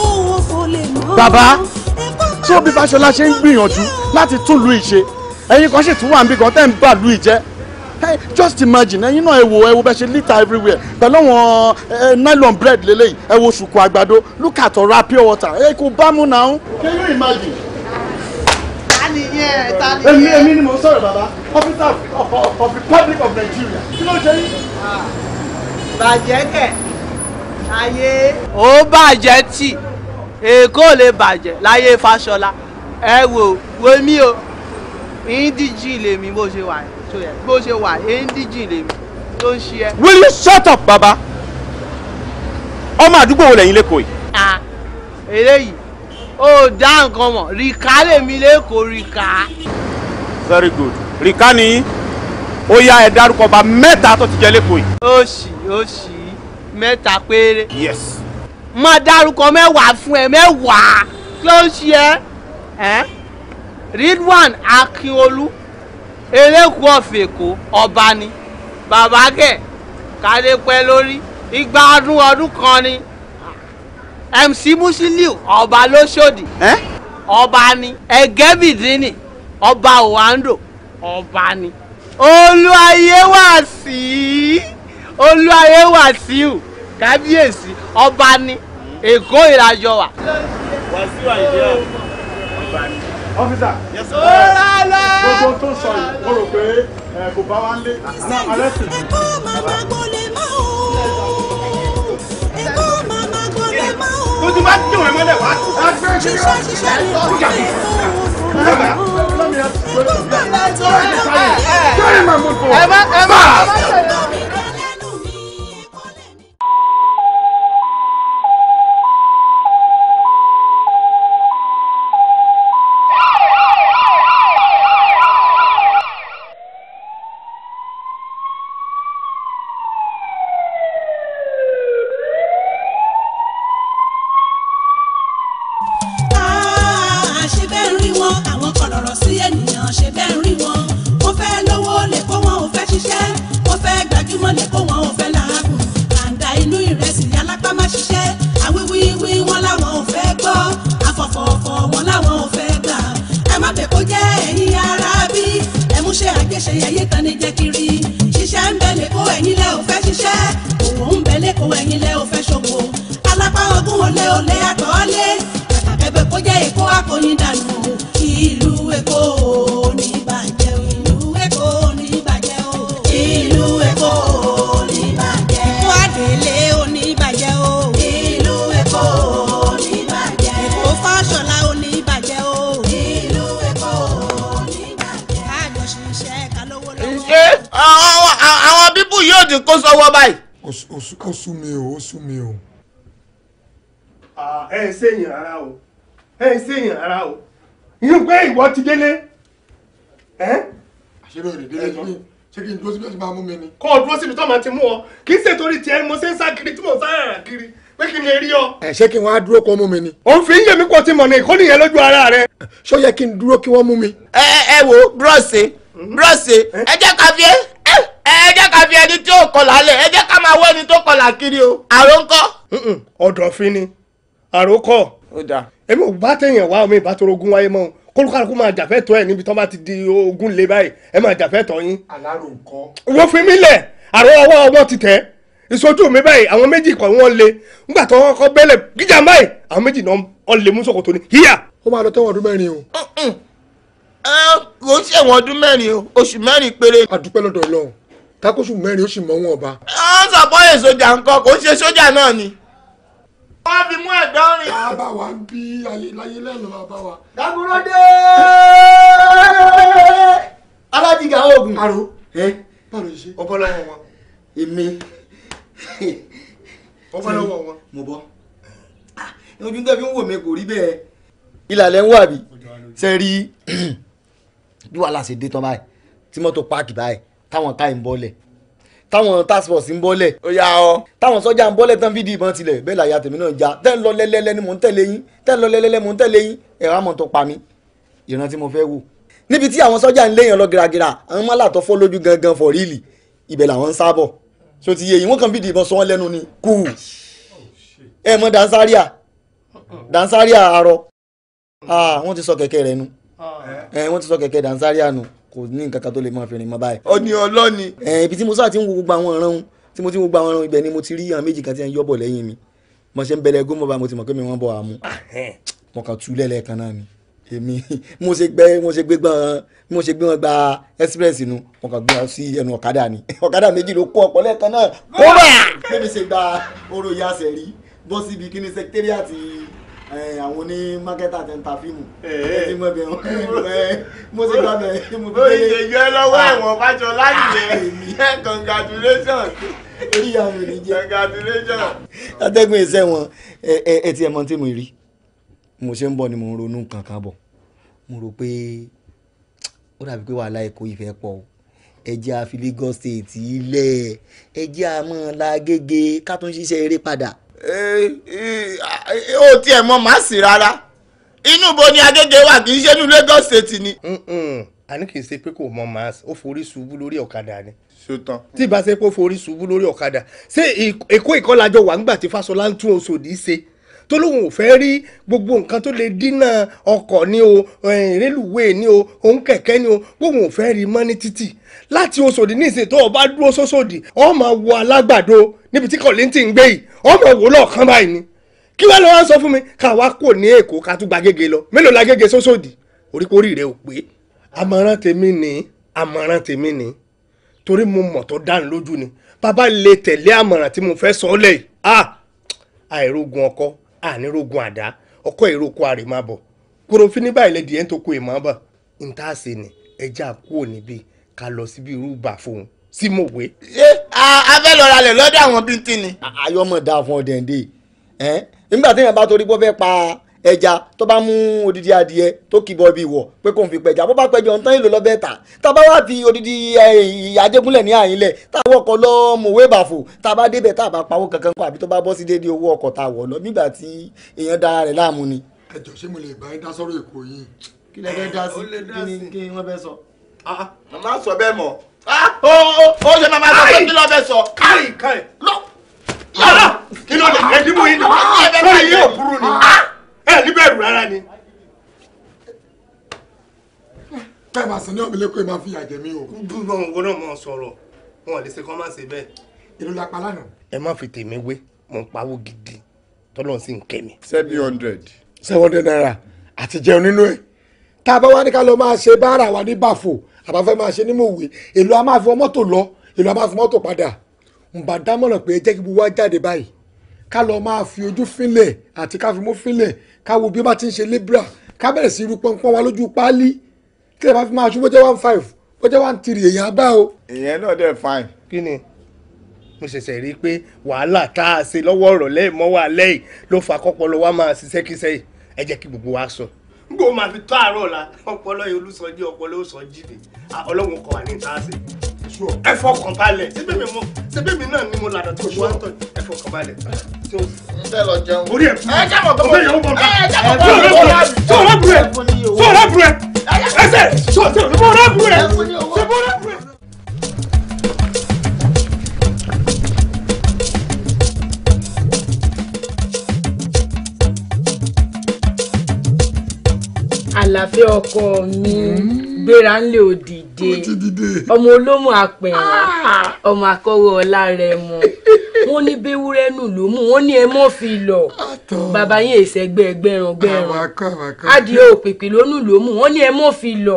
o so bí Fáṣọlá ṣe ń gbìyànjú láti tún lu ìṣe ẹ̀yin kan sì tún wà níbi kan tẹ́ ń bà lu ìjẹ́ just imagine ẹ̀yin náà ẹ wo ẹ wo bẹ́ẹ̀ ṣe litre everywhere pẹ̀lú àwọn nylon bread lélẹ́yìí ẹ wo ṣùkú àgbàdo look at ọ̀rá pure water ẹ kò bá mú náà. can you imagine. tàníyẹn tàníyẹn. èmi èmi ni mo sọ̀rọ̀ bàbá officer of the public of Nigeria kí ló ṣe yín. Ah, bàjẹ́ kẹ̀ ayé. ó bàjẹ́ tì èkó lè bàjẹ́ láyé fàṣọlá ẹ wò wo mí o indíjì lèmi bó ṣe wà bó ṣe wà indíjì lèmi tó ń ṣe ẹ. will you shut up baba ọmọ àdúgbò wo lẹ́yìn lẹ́kọ̀ọ́ yìí. ah eléyìí ó dá nǹkan mọ̀ rìkà lèmi lẹ́kọ̀ọ́ rìkà. very good rìkà ni ó yá ẹ dárúkọ ọba mẹ́ta tó ti jẹ lẹ́kọ̀ọ́ yìí. ó ṣì ó ṣì mẹ́ta péré. yes máa dárúkọ mẹ́wàá fún ẹ mẹ́wàá kí ló ń ṣe ẹ Ridwan Akínolú eléku ọ̀fẹ́ èkó ọba ni bàbá gẹ̀ kádépẹ́ lórí igba ọdún ọdún kan ni MC Musiliu ọba lóṣòdì ọba ni ẹgẹ́bìdínì ọba òwàndò ọba ni olú ayé wà sí olú ayé wà sí o kábíyèsí ọba ni èkó ìrajọ wà. wàásù àìdí ọba ni. ọfíìsà gbogbo tó sọ yìí mo rò pé kò bá wa ń lé náà alẹ́ sì ni. ẹ̀kọ́ màmá gbọ́lẹ̀ mọ́ o ẹ̀kọ́ màmá gbọ́lẹ̀ mọ́ o. mo ti bá dùn ẹ̀ mọ́lẹ̀ wá. ṣiṣẹ́ ṣiṣẹ́ ní ọjọ́ ìfowópamọ́ ẹ̀kọ́ màmá gbọ́lẹ̀ mọ́ o. ti kó sọ́wọ́ báyìí. ó sú mi o ó sú mi o. Ah, ẹ ẹ ṣèyàn ara o ẹ ẹ ṣèyàn ara o yín pé ìwọ ti délé. àṣírí òde délé tó ṣé kí n dúró síbi tó ti máa mú mi ni. kọ́ ọ dúró síbi tó máa ti mú ọ kì í ṣe torí tiẹ̀ mo ṣe ń sá kiri tí mo ń sá yàrá kiri pé kí n lè rí ọ. ẹ ṣé kí wọn á dúró kó mú mi ni. òun fi ń yẹ mí kó ti mọ̀ ní ìkọ́ni yẹn lójú ara rẹ. ṣó yẹ kí n dúró kí wọ́n mú mi. ẹ ẹ wo bros mm-hmm. bros eh? ẹ jẹ́ ká fi é ẹ jẹ́ ká fi ẹni tí kọlà lẹ̀ ẹ ká máa wọ ẹni tó kọlà kiri o àrò ńkọ́. ọ̀dọ̀fin ni àrò kọ́ èmi ò bá tẹ̀yàn wá omi ìbátorogún wáyé mọ́ o kólúkálukú máa jàfẹ́ tọ́ ẹ̀ níbi tó bá ti di ogun lé báyìí ẹ máa jàfẹ́ tọ́ yín. alárò ńkọ́. wọ́n fi mí lẹ̀ àrò ọwọ́ ọwọ́ ti tẹ̀ ìṣojú mi báyìí àwọn méjì kan wọ́n lé nígbà tó kọ́kọ́ bẹ́lẹ̀ gíjà báyìí àwọn méjì náà wọ́n lé mú ṣòkòtò ni híyà. ó máa lọ tẹ́wọ̀n ọdún mẹ́rin o mo ń ṣẹ̀wọ̀n ọdún mẹ́rin o oṣù mẹ́rin péré. a dúpẹ́ lọ́dọ̀ ọlọ́run kákóṣù mẹ́rin ó sì mọ wọn ọba. wọ́n sàbọ̀yè sójà nǹkan kò ń ṣe sójà náà ni. wọ́n fi mú ẹ̀dọ́ rìn. bàbá wa ń bí ayélujáyé lẹ́nu bàbá wa. dàgúrò dé alájìgà oògùn. àrò ẹ báwo ṣe. ọbọ lọ́wọ́ wọn. èmi. ọbọ lọ́wọ́ wọn. mo bọ. Ah, ojú tẹ́ fi ń wò mí kò rí bẹ́ẹ̀. ìlàlẹ̀ ń wà bí sẹ́rí bí wàhálà ṣe dé tán báyìí tí mọ́tò páàkì báyìí táwọn táì ń bọ́lẹ̀ táwọn task force ń bọ́lẹ̀ ó yá ọ táwọn sọ́jà ń bọ́lẹ̀ tán fídí ìbọn tilẹ̀ bẹ́ẹ̀ làyà tèmi náà já tẹ́ ń lọ lẹ́lẹ́lẹ́ ni mò ń tẹ̀lé yín tẹ́ ń lọ lẹ́lẹ́lẹ́ mò ń tẹ̀lé yín ẹ̀rọ àmọ́ tó pa mí ìran tí mo fẹ́ wò. níbi tí àwọn sọ́jà ń léèyàn lọ gíragíra àwọn mọ́là tó fọ́ lójú gangan for real ibẹ̀ làwọn ń sábọ̀ so ti yẹ yìí wọ́n kàn fídí ìbọn sọ wọ́n lẹ́nu ni kú ẹ̀ mọ́ dansaria dansaria arọ ah wọ́n ti sọ kẹ̀kẹ́ rẹ̀ nu ẹ ah. eh, wọ́n ti sọ kẹ̀kẹ́ dansari àná kò ní nǹkan kan tó lè máa fi rìn mọ́ báyìí. ọ ni ọlọ́ni. ẹ eh, ibi tí mo sáà ti ń wo gbogbo àwọn ọ̀ràn ohun tí mo ti ń wo gbogbo àwọn ọ̀ràn ibẹ̀ ni mo ti rí àwọn méjì kan tí ń yọ́bọ̀ lẹ́yìn mi mo ṣe ń bẹ̀rẹ̀ ẹgún mọ́ba mo ti mọ̀ pé mi wọ́n bọ̀ àmú. Ah, eh. mo kàn tú lẹ́lẹ̀ kan náà ni èmi mo ṣe gbé mo ṣe gbé gbọ́n mo ṣe gbé wọn gba express nu mo kàn gbé wọn sí ẹnu ọ̀kadà ni ọ̀kadà méjì ló kó ọ̀pọ̀ lẹ́ẹ̀kan náà kó bá. bí mi ṣe gba oró yasẹ̀ rí bọ́ síbi kí ni secretariat àwọn oní mákẹ́tà tẹ̀ ń ta fíìmù ẹ ti mọ ibẹ̀ mo ti gba bẹ̀ mo fi délé. oye yọ ẹ lọ́wọ́ ah. ẹ̀wọ̀n fájọ láyé ah, ẹ congratulations. orí àwọn ènìyàn jẹ congratulations. atẹ́gùn iṣẹ́ wọn ẹ ti ẹ̀ mọ tí mo rí mo ṣe ń bọ̀ ni mo ń ronú kankan bọ̀ mo rò pé ó dàbí pé wàhálà ẹ̀kọ́ ìfẹ́ pọ̀ o ẹjẹ́ àfi Lagos State ilẹ̀ ẹjẹ́ àmọ́ làgègè ká tún ṣiṣẹ́ eré padà ó eh, eh, eh, tiẹ̀ mọ màá sì rárá inú bo ni agége wà kì í ṣe inú Lagos state ni. àní kì í ṣe pé kò mọ màá ó forí ṣubú lórí ọ̀kadà ni ṣùtàn. tí ìbá ṣe pé ó forí ṣubú lórí ọ̀kadà ṣé èkó ìkọlàjọ wà ńgbà tí Fáṣọlá ń tún Òṣòdì ṣe tó lóun ò fẹ́ rí gbogbo nǹkan tó lè dínà ọkọ̀ ni o rélùwéè ni o òun kẹ̀kẹ́ ni o gbóhùn ò fẹ́ rí mọ́ ní títì láti Òṣòdì ní ìsìn tó o bá dúró sóṣòdì o máa wo alágbàdo níbi tí kọ̀lẹ́ntì ń gbé yìí ọmọ òwò lọ́ọ̀kan báyìí ni kí wàá lọ wá sọ fún mi ká wá kò ní èkó ká tún gba gègé lọ mélòó la gègé sósòdì oríkórí rẹ ò pé àmọ̀ràn tèmi ni àmọ̀ràn tèmi ni torí mo mọ̀ tó dánù lójú ni bàbá lè tẹ̀lé àmọ̀ràn tí mo fẹ́ sọ ọ́ lẹ́yìn a àìrógun ọkọ ànírógun àdá ọkọ ìrókò àrè máa bọ̀ korofin ní ń tó kó ìmọ̀ bọ̀ ní tá a ni ẹja kúò níbi ká lọ síbi irú bà fóun sí mòwe. ṣé afẹ́ lọ ralẹ̀ lọ́dọ̀ àwọn bíntín ni. ayọ́mọ̀ dáa fún ọdẹ ǹdẹ́ ẹ̀ nígbà téèyàn bá torí bọ́ fẹ́ pa ẹja tó bá mú odidi adìẹ tó kì bọ́ ibi wọ̀ pé kò ń fi pẹja bó bá pẹja ọ̀n tán èlò lọ́bẹ̀ ta tá a bá wá fi odidi ajégúnlẹ̀ ní àyínlẹ̀ tá a wọkọ̀ lọ mòwe bàfò tá a bá débẹ̀ tá a bá pawó kankan kọ́ àbí tó bá bọ́ sí déédéé owó ọkọ̀ tá a wọ̀ lọ nígbà tí èèyàn dára rẹ̀ láàmú ni. ẹ jọ ṣé mo lè bá yín dá sọ́rọ̀ èkó yín. kí lẹ fẹ́ dá sí kí ni kí wọ́n fẹ́ sọ. Ah, sọ ó ah, ṣe máa máa sọ pé kí ló fẹ́ sọ. káyì káyì. yàrá kí ló dé ah! ẹdínwó ah! yìí ni sórí yìí ò ni ẹ ní bẹ́ẹ̀ rù rárá ni. bẹ́ẹ̀ bá sẹ́ni ọ̀mí lẹ́kọ̀ọ́ máa fi yàjẹ́ mi o. gbogbo àwọn ọ̀gọ́dọ̀ mọ̀ sọ̀rọ̀ wọn ò lè ṣe kọ́ máa ṣe bẹ́ẹ̀. èlò la pa lánàá. ẹ má fi tèmi wé mo ń pawó gidi tọ́lọ́ sí ń kẹ́ mi. seven hundred. seven hundred naira àti jẹun nínú ẹ̀ tá a bá wá ní ká lọ máa ṣe báárà wa ní bàfò àbá máa ṣe nímọ̀ òwe èlò a máa fi mọ́tò lọ èlò a máa fi mọ́tò padà ń bá dámọ̀ràn pé ẹ jẹ́ kí gbogbo wa jáde báyìí ká lọ máa fi ojú fínlẹ̀ àti ká fi mú fínlẹ̀ ká wo bí wọ́n bá ti ń ṣe libra ká bẹ̀rẹ̀ sí irú pọ́npọ́n wa lójú páálí tí ẹ bá fi máa ṣú bọ́jẹ́ one five bọ́jẹ́ one three èèyàn bá o. ìyẹn náà dẹ̀ fine. kí ni mo ṣẹ̀ṣẹ̀ rí i pé wàhálà tá a ṣe lọ́wọ́ ọ̀rọ̀ lẹ́ẹ̀mọ́wà lẹ́yìn ló fa kọ́pọ̀ lọ́wọ́ máa ṣiṣẹ́ kíṣẹ́ yìí ẹ jẹ́ kí gbogbo wa sùn nígbà máa fi tó àárọ̀ la ọpọlọ yẹn olùsọjí ọpọlọ òsọjí ni ọlọ́run kọ wà ní ìtaàsì ẹ fọkàn balẹ̀ síbẹ̀ mi náà ni mo lànà tó ṣùgbọ́n tó ẹ fọkàn balẹ̀ tó fẹ́ lọ jẹun. orí ẹ ẹ jábọ̀ tó ọbẹ̀ yẹn ó bọ̀ ká ẹ jábọ̀ tó ọbẹ̀ yẹn ó bọ̀ tó ọbẹ̀ yẹn ó bọ̀ ẹsẹ̀ tó ọbẹ̀ yẹn ó bọ̀ ẹsẹ̀ tó ọbẹ̀ yẹn ó bọ̀ ẹsẹ̀ àlàfẹ́ ọkọ mi mm. gbéra ńlẹ̀ òdìdé ọmọ olómù apẹ̀rẹ̀ ah. ọmọ akọ́wọ́ ọlá rẹ mọ́. wọ́n ní béwúrẹ́ nù ló mú wọ́n ní ẹ mọ́ fi lọ bàbá yín èsẹ̀gbẹ́ ẹgbẹ́rún gbẹ́rún adìẹ òpèpè ló nù ló mú wọ́n ní ẹ mọ́ fi lọ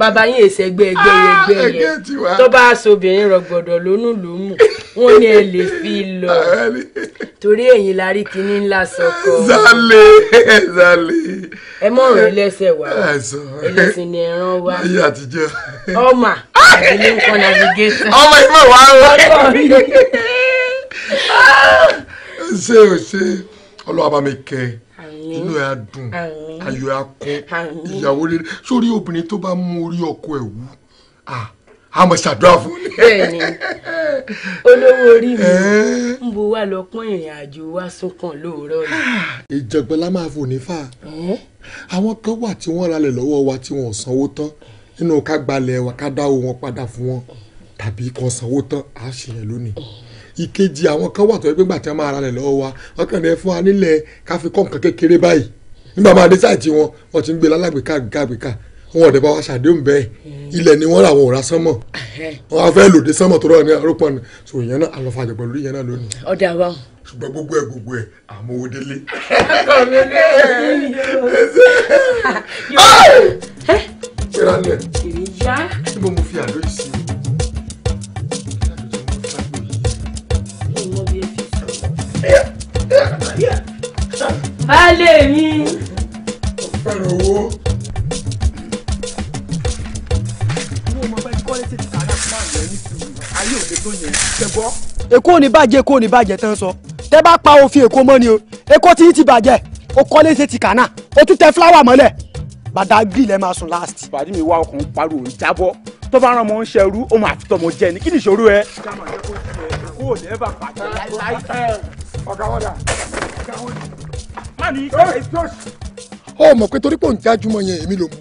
bàbá yín èsẹ̀gbẹ́ ẹgbẹ́rún gbẹ́rún tó bá aṣọbìnrin rọgbọ̀dọ̀ ló nù ló mú wọ́n ní ẹ lè fi lọ ah, torí ẹ̀yin la rí ńlá sọkọ. zale zale. ẹ mọ̀ràn ẹlẹ́sẹ̀ wá ah, ẹlẹ́sìn ni ẹran wá ah! ọmọ àti ní nǹkan navigator. ọmọ ìfẹ́ wàá ṣe o ṣe ọlọ́wà bá mi kẹ́ inú ẹ̀ á dùn ayọ̀ ẹ̀ á kún ìyàwó rere sórí obìnrin tó bá mú orí ọkọ ẹ̀ wú a mọ̀ ṣàdúrà fún mi. bẹ́ẹ̀ni olówó orí mi ń bo wá lọ pọ́n ìrìn àjò wá sunkàn lóòrọ̀ yìí. ìjọ̀gbọ́n la máa fò ní fà àwọn kan wà tí wọ́n ralẹ̀ lọ́wọ́ wa tí wọ́n sanwó tán nínú ká gbalẹ̀ wa ká dáwó wọn padà fún wọn tàbí kan sanwó tán àá ṣe yẹn lónìí ìkejì àwọn kan wà tó yẹ pé gbà tí wọ́n máa ra lẹ̀ lọ́wọ́ wa wọ́n kàn ní ẹ fún wa nílẹ̀ ká fi kọ́ nǹkan kékeré báyìí nígbà máa dé sáìtì wọn wọ́n ti ń gbé lálágbèéká gbèéká wọn ò dẹ̀ bá wa ṣàdéhùn bẹ́ẹ̀ hmm. ilẹ̀ ni wọ́n rà wọn ò ra sánmọ̀ wọn á fẹ́ lòdì sánmọ̀ tó rọ̀ ní arúgbó ni so ìyẹn náà àlọ́fàjọ pẹ̀lú ìyẹn náà lónìí. ọ̀dà wa o. ṣùgbọ́n gbogbo ẹ̀ gbogbo ẹ̀ àmọ́ owó délé. ṣé ra nílẹ̀. kìrìyà. níbo mo fi àdó yìí sí i. Baálé mi. Fẹ́ràn owó. Èkó ni bàjẹ́ Èkó ni bàjẹ́ tán sọ. Tẹ́ bá pa òfin Èkó mọ́ ni o. Èkó tí ti bàjẹ́. O kọ́lé ṣe ti kànáà. O tún tẹ fúláwà mọ́lẹ̀. Badagry lẹ máa sùn last. Bàdí mi wá ọkùnrin pariwo ìjábọ̀. Tó bá rán ọmọ ń ṣerú, ó máa fi tọmọ jẹ ni. Kí ni ìṣòro ẹ? Ṣé àmọ̀ ẹ̀kọ́ ti kó ò ní ẹ̀ bá pàtó ọ̀gá wọn dà ọ̀gá wọn dà. má ní ìkọ́. ó mọ̀ pé torí pé òun jájúmọ̀ yẹn èmi ló bú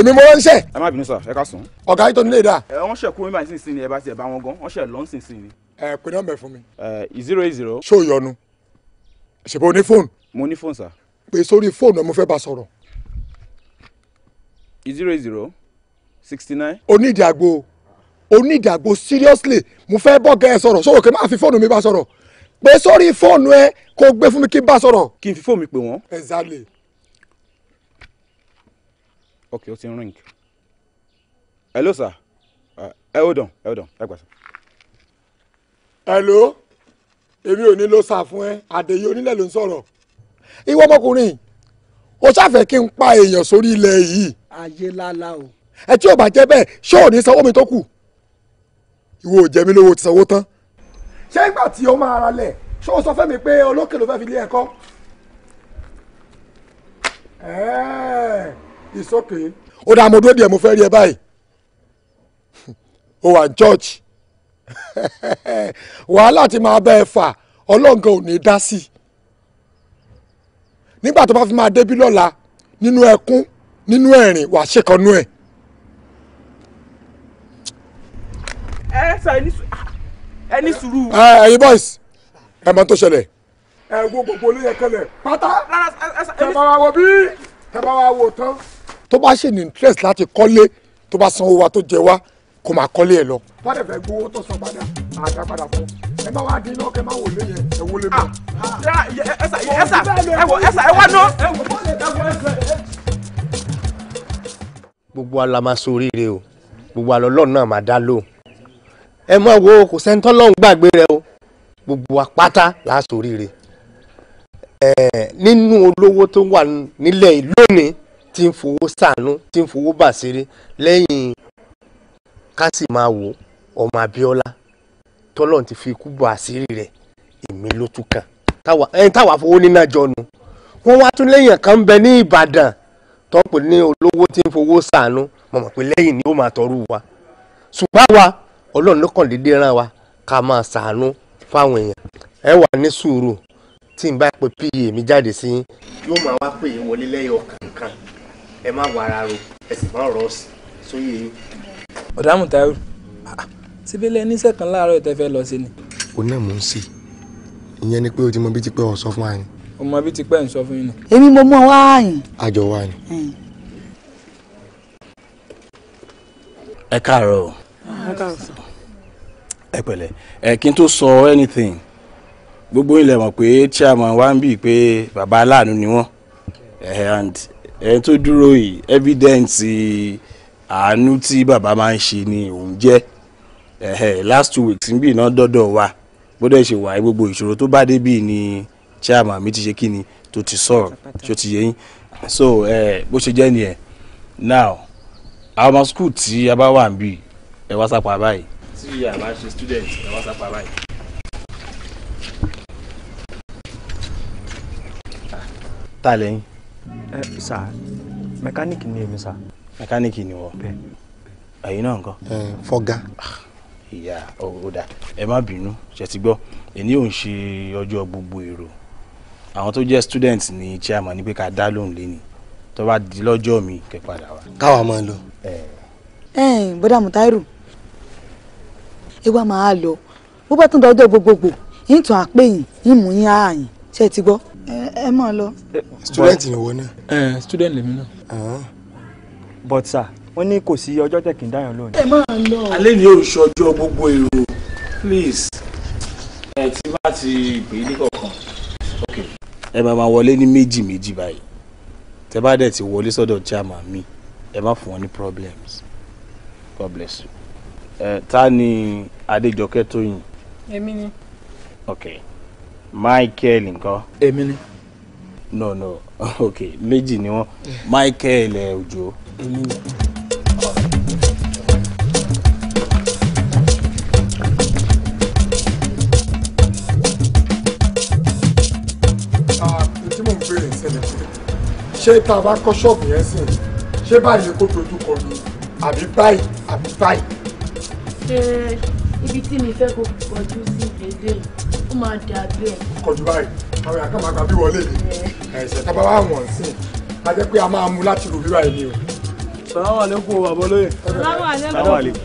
èmi mo ránṣẹ́. ẹ má bínú sọ ẹ ká sùn. ọ̀gá yìí tó nílé dà. ẹ wọ́n ṣe kú mi báyìí sínsìn ni ẹ bá ti ẹ̀ bá wọn gan wọ́n ṣe lọ́n sínsìn ni. ẹ pè nọ́mbà fún mi. ẹ zero eight zero. ṣó yọnu ṣèbó o ní fóònù. mo ní fóònù sá. pè sórí fóònù ẹ mo fẹ́ bá sọ̀rọ̀. zero eight zero sixty nine. onídìí àgbo onídìí àgbo seriously mo fẹ́ bọ́ gẹ́ ẹ sọ̀rọ̀ sọ̀rọ̀ kí n má fi fóònù mi bá sọ̀rọ̀ pé sórí fóònù ẹ kó gbé fún mi kí n bá sọ̀rọ̀. kí n fi fóònù pè wọ́n. exactly. ok o ti ń ring. hello sir ẹ eh, hold on ẹ hold on ẹ gbà sọ. hello èmi ò ní ló sà fún ẹ àdèyí onílẹ̀ ló ń sọ̀rọ̀. ìwọ ọmọkùnrin o ṣàfẹ́ kí n pa èèyàn sórí ilẹ̀ yìí. ayé lálá o. ẹ tí ò bá jẹ́ bẹ́ẹ̀ ṣé ò ní sanwó mi tó kù. ìwọ ò jẹ mí lówó ti sanwó tán ṣé ìgbà tí ó máa ra lẹ̀ ṣé o sọ fẹ́ mi pé olókè ló fẹ́ fi lé ẹ̀kọ́ ìsókè. ó dá mo dúró díẹ̀ mo fẹ́ rí ẹ báyìí o wà ní church wàhálà tí máa bẹ́ ẹ fà ọlọ́ǹgàn ò ní dá sí i nígbà tó bá fi máa débí lọ́la nínú ẹkún nínú ẹ̀rìn wàá ṣèkọ́nú ẹ̀. ẹ sọ ẹ ní sùn ẹ ní sùúrù. ẹ ẹyin boys ẹ mọ tó ṣẹlẹ̀. ẹ wo gbogbo olóyè kẹlẹ pátá tẹ bá wa wo bí tẹ bá wa wo tán. tó bá ṣe ní interest láti kọ́lé tó bá sanwó wa tó jẹ wá kó máa kọ́lé ẹ lọ. bàdẹ fẹ gbowó tó san padà àdá padà fún ẹ bá wa dín iná kẹ má wò lé yẹn ẹ wọlé mọ. ẹsà ẹsà ẹ wọ ẹsà ẹ wá ná. gbogbo alamásóríire o gbogbo alọ́lọ́ náà máa dá lóhùn ẹ mọ̀ wo kò sẹ́ńtọ́ o gbogbo apáta lásoríire ẹ nínú olówó tó wà nílẹ̀ lónìí tí ń fowó sànú tí ń fowó lẹ́yìn ká ọmọ Abíọ́lá ti fi ikú bọ̀ àṣírí èmi ló tún kàn ẹni táwa fowó níná nu wá tún kan bẹ ní Ìbàdàn ní olówó tí ń fowó pé lẹ́yìn wa ọlọ́run ló kàn déédéé rán wa ká máa ṣàánú fáwọn èèyàn ẹ wà ní sùúrù tí n bá pe pa mi jáde sí yín. yóò máa wá pè é wọlé lẹ́yọ kankan ẹ má wàrà ro ẹ sì má rọ sóyè yín. ọ̀dàmù Táírù síbílẹ̀ níṣẹ́ kan láàárọ̀ ìtẹ́fẹ́ lọ sí ni. òun náà mò ń sè ìyẹn ni pé o ti mọ bí ti pẹ́ ọ sọ fún wa ni. ọmọ bí ti pẹ́ ń sọ fún yín ni. èmi mo mú ọ wá àyìn. àjọ wa ni. ẹ káàárọ̀ o. ẹ káàárọ̀ sọ ẹ pẹ̀lẹ́ ẹ kí n tó sọ anything gbogbo ilẹ̀ mọ̀ pé chairman wa ń bì pé bàbá aláàánú ni wọ́n and ẹni tó dúró yìí evidence àánú tí bàbá máa ń ṣe ni òun jẹ́ last two weeks níbí iná dọ́dọ̀ wa gbọ́dọ̀ ṣe wà gbogbo ìṣòro tó bá débì ni chairman mi ti ṣe kí ni tó ti sọ̀rọ̀ ṣó ti yẹ yín so bó ṣe jẹ́ nìyẹn now àwọn ọmọ school tí a bá wà ń bì ẹ wá sápá báyìí tí a bá ṣe student ẹ wá sápá báyìí. ta lẹ́yìn. ẹ sà mẹkáníìkì ni èmi sà. mẹkáníìkì ni wọ. bẹ́ẹ̀ ẹ̀yin náà nǹkan. fọgá. Ah, ìyá ọ̀dà ẹ má bínú ṣe ti gbọ́ èyí ò ń ṣe ọjọ́ gbogbo èrò àwọn tó jẹ́ student ni chairman ní pé ká dá lóhùn lé ni tó bá di lọ́jọ́ mi kẹ́ padà wá. káwa máa ẹ wá máa lọ bó bá tún dọjọ́ gbogbogbò yín tún àpè yín yín mú yín ṣe ti gbọ́. ẹ mọ̀ lọ. student ni wọ́n náà. student lèmi náà. Ah. but sir wọ́n ní kò sí ọjọ́ tẹ̀ kí n dáyàn lónìí. ẹ máa lọ. alẹ́ ni oṣù ọjọ́ gbogbo èrò please ẹ ti bá ti pè é ní kọ̀ọ̀kan. ẹ máa máa wọlé ní méjì méjì báyìí tẹ bá dẹ̀ ti wọlé sọ́dọ̀ chairman mi ẹ má fún wọn ní problems god bless you ẹ ta ni Adéjọkẹ́ Tóyìn. èmi ni. ok Michael nǹkan. èmi ni. no no ok méjì ni wọn Michael ẹ Òjó. èmi ni. Ah, ṣé tá a bá kọ́ ṣọ́ọ̀bù yẹn sìn ṣé báyìí ni kó dojú kọ ni àbí báyìí àbí báyìí pé ibi tí mi fẹ́ kó kọjú sí dédé ó máa dà bẹ́ẹ̀. kọjú báyìí àwọn àkàmà kan bí wọlé ni ẹ̀sẹ̀ tó bá wà wọ̀n sí a jẹ́ pé a máa mú láti rò bíbá yìí o. salamu aleykum babalóye. salamu aleykum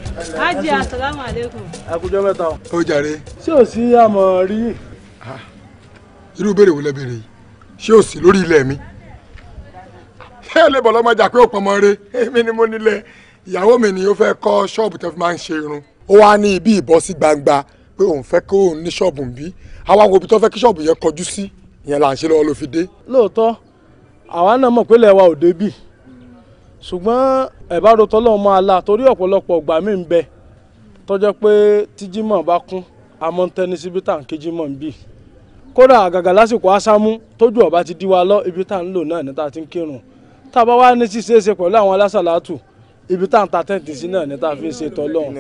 ajé asalamu aleykum. akujọ mẹ́ta o. jàre. ṣé o sí àmọ̀ rí. Ah, irú béèrè wo lẹ béèrè yìí ṣé o sì lórí ilẹ̀ mi ṣé ẹ lè bọ̀ lọ́mọjà pé ó pọnmọ́ èmi ni mo nílẹ̀ ìyàwó mi ni ó fẹ́ kọ́ ṣọ́ọ̀bù tó fi máa ń ṣe irun ó wá ní ibi ìbọ́ sí gbangba pé òun fẹ́ kó òun ní ṣọ́ọ̀bù ń bí àwa wo ibi tó fẹ́ kí ṣọ́ọ̀bù yẹn kọjú sí ìyẹn là ń ṣe lọ́wọ́ ló fi dé. lóòótọ́ àwa náà mọ̀ pé lẹ́wà òde bì ṣùgbọ́n ẹ̀bá ro tọ́lọ́ máa la torí ọ̀pọ̀lọpọ̀ ọgbà mi ń bẹ tọ́jọ́ pé tíjímọ̀ bá kún àmọ́ ń tẹni síbi tá à ń kéjímọ̀ ń bì kódà àgàgà lásìkò ásámú tójú ọba ti dí wa lọ ibi tá à ń lò náà ní tá a ti ń kírun tá a bá wá ní ṣíṣeéṣe pẹ̀lú àwọn alásàlátù ibi tá à ń ta tẹ́ǹtì sí náà ní tá a fi ń ṣe tọ́lọ́run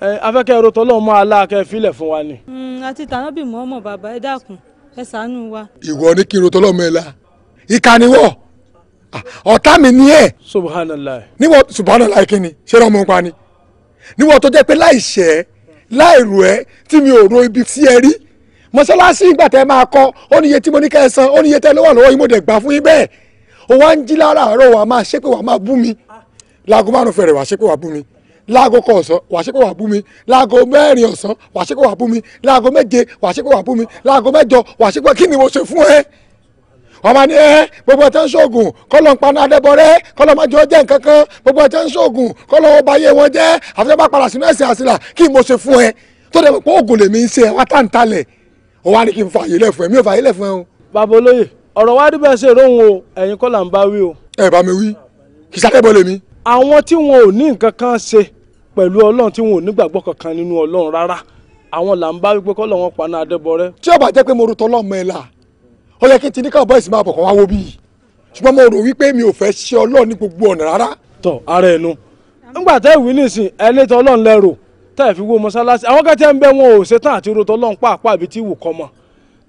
afẹ́kẹ́ rotọ́ lọ́wọ́ mọ́ aláàkẹ́ filẹ̀ fún wa ni. Mm, àti tànàbì mọ́mọ́ bàbá ẹ dákun ẹ ṣàánú wa. ìwọ ni kí n rotọ́ lọ́mọ ẹ la ìka ah, ọ̀tá mi ni ẹ̀. subhanallah. níwọ̀ subhanallah kí ni ṣé ọmọ nǹkan ni níwọ̀ tó jẹ́ pé láì ṣẹ́ láì rò ẹ́ tí mi ò ro ibi tí ẹ rí mọ́ṣáláṣí ìgbà tẹ́ máa kọ́ ó níye tí mo ní kẹ́ ẹ san ó tẹ́ ló lọ́wọ́ yìí mo dẹ̀ gbà fún yín bẹ́ẹ̀ ó wá ń jí lára àárọ̀ wàá máa ṣépè wàá máa bú mi láago márùn-ún fẹ̀rẹ̀ wàá ṣépè wàá bú mi láago kan ọ̀sán wàá ṣe pé wàá bú mi láago mẹ́rin ọ̀sán wàá ṣe pé wàá bú mi láago méje wàá ṣe bú mi láago mẹ́jọ wàá kí ni mo ṣe fún ẹ wọ́n máa ní ẹ́ gbogbo ẹ̀ tẹ́ ń ṣoògùn kọ́lọ́ ń paná adẹ́bọ̀rẹ́ kọ́lọ́ máa jọ jẹ́ nǹkan kan gbogbo ẹ̀ tẹ́ ń ṣoògùn kọ́lọ́ ọba ayé wọn jẹ́ àfi bá padà sínú ẹ̀sìn àṣìlà kí mo ṣe fún ẹ tó dẹ̀ pé oògùn lèmi ń ṣe ẹ wá tá ń talẹ̀ ó wá ní kí n fààyè lẹ̀ fún ẹ mi ò fààyè lẹ̀ fún ẹ o. bàbá olóyè ọ̀rọ̀ wa dúpẹ́ ṣe rohun o ẹ̀yin kọ́ ń bá wí o. ẹ bá mi wí kì í ṣàkẹ́bọ̀ lèmi. àwọn tí pẹ̀lú ọlọ́run tí wọn ò nígbàgbọ́ kankan nínú ọlọ́run rárá àwọn là ń bá wípé kọ́ lọ́wọ́n paná adébọ̀rẹ́. tí ó jẹ́ pé mo rutọ lọ́mọ ẹ̀ la ó yẹ kí n ti ní káwọn bọ́ọ̀sì máa bọ̀ kọ́ wá wo bí yìí ṣùgbọ́n mo rò wípé mi ò fẹ́ ṣe ọlọ́run ní gbogbo ọ̀nà rárá. tọ ara ẹnu ńgbà tẹ ìwé nìsín ẹlẹ́tọ̀ ọlọ́run lẹ́rù tẹ́ ẹ̀ fi wo mọ́sálásí àwọn kẹ́tẹ́ ń bẹ́ wọn ò ṣetán àti rutọ ọlọ́run pàápàá ibi tí ìwù kọ́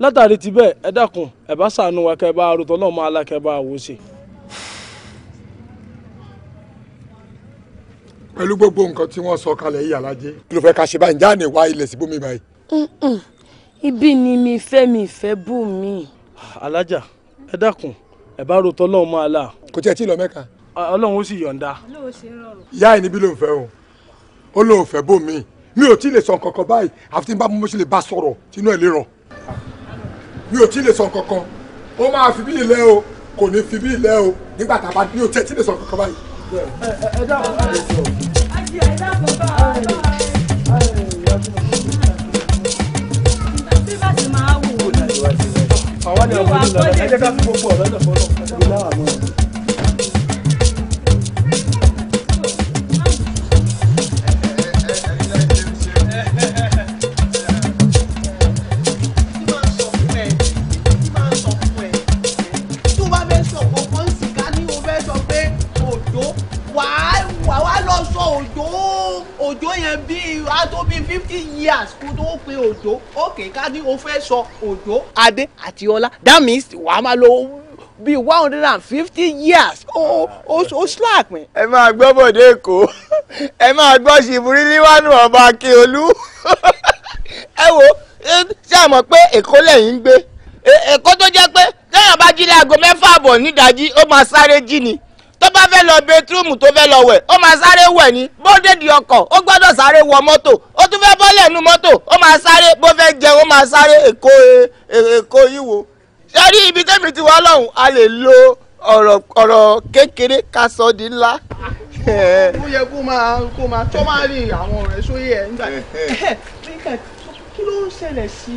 látàrí ti bẹ́ẹ̀ ẹ dákun ẹ bá ṣàánú wa kẹ́ bá rutọ ọlọ́run máa lá bá wò ó ṣe. pẹ̀lú gbogbo nǹkan tí wọ́n sọ kalẹ̀ yìí alájẹ kí ló fẹ́ ká ṣe báyìí njẹ́ àná ìwà ilẹ̀ síbómi báyìí. ibi ni mi fẹ́ mi fẹ́ bù mí. alájà ẹ dákun ẹ bá ro tọ́lọ́run máa là. kò tiẹ̀ tí ì lọ mẹ́ka. ọlọ́run ó sì yọ̀ǹda. ìyá ẹ̀ níbí ló ń fẹ́ o ó lóun fẹ́ bò mí mi ò tí ì lè sọ nǹkan kan báyìí àfi tí n bá mú mo ṣe lè bá sọ̀rọ̀ tínú ẹ̀ lè rọ̀ mi ò tí ì lè sọ nǹkan kan ó máa fi bí ilẹ̀ o kò ní fi bí ilẹ̀ o nígbà tá a bá ní o tí ì lè sọ nǹkan kan báyìí. ẹ ẹ dáhùn ẹ sọ àwọn ni ọmọ ìlú lọ ẹ jẹ́ ká fi gbogbo ọ̀rọ̀ lọ fọlọ ìlú láwàá mọ. òjò yẹn bíi a tó bíi fifty years kó tó pe òjò òkè ká ní o fẹ́ sọ òjò adé àti ọlá that means wàá máa lo bíi one hundred and fifty years ó ó ó slack mi. ẹ máa gbọ́ bọ̀dé èkó ẹ máa gbọ́ ṣìbúrí níwájú ọba akíolú ẹ wo ṣé àmọ́ pé èkó lẹ́yìn ń gbé èkó tó jẹ́ pé téèyàn bá jí láago mẹ́fà àbọ̀ nídàájí ó máa sáré jí ni tó bá fẹ́ lọ bẹtírúmù tó fẹ́ lọ wẹ̀ ó máa sáré wẹ̀ ní bódèdì ọkọ̀ ó gbọ́dọ̀ sáré wọ mọ́tò ó tún fẹ́ bọ́lẹ̀ nu mọ́tò ó máa sáré bó fẹ́ jẹun ó máa sáré èkó èkó yìí wo sẹ́rí ibi tẹ́mi ti wá lọ́hùn a lè lo ọ̀rọ̀ kékeré ká sọ di ńlá. ó yẹ kó máa kó máa tó máa rí àwọn ọ̀rẹ́ sóyè ẹ̀ nígbà kí ló ń ṣẹlẹ̀ sí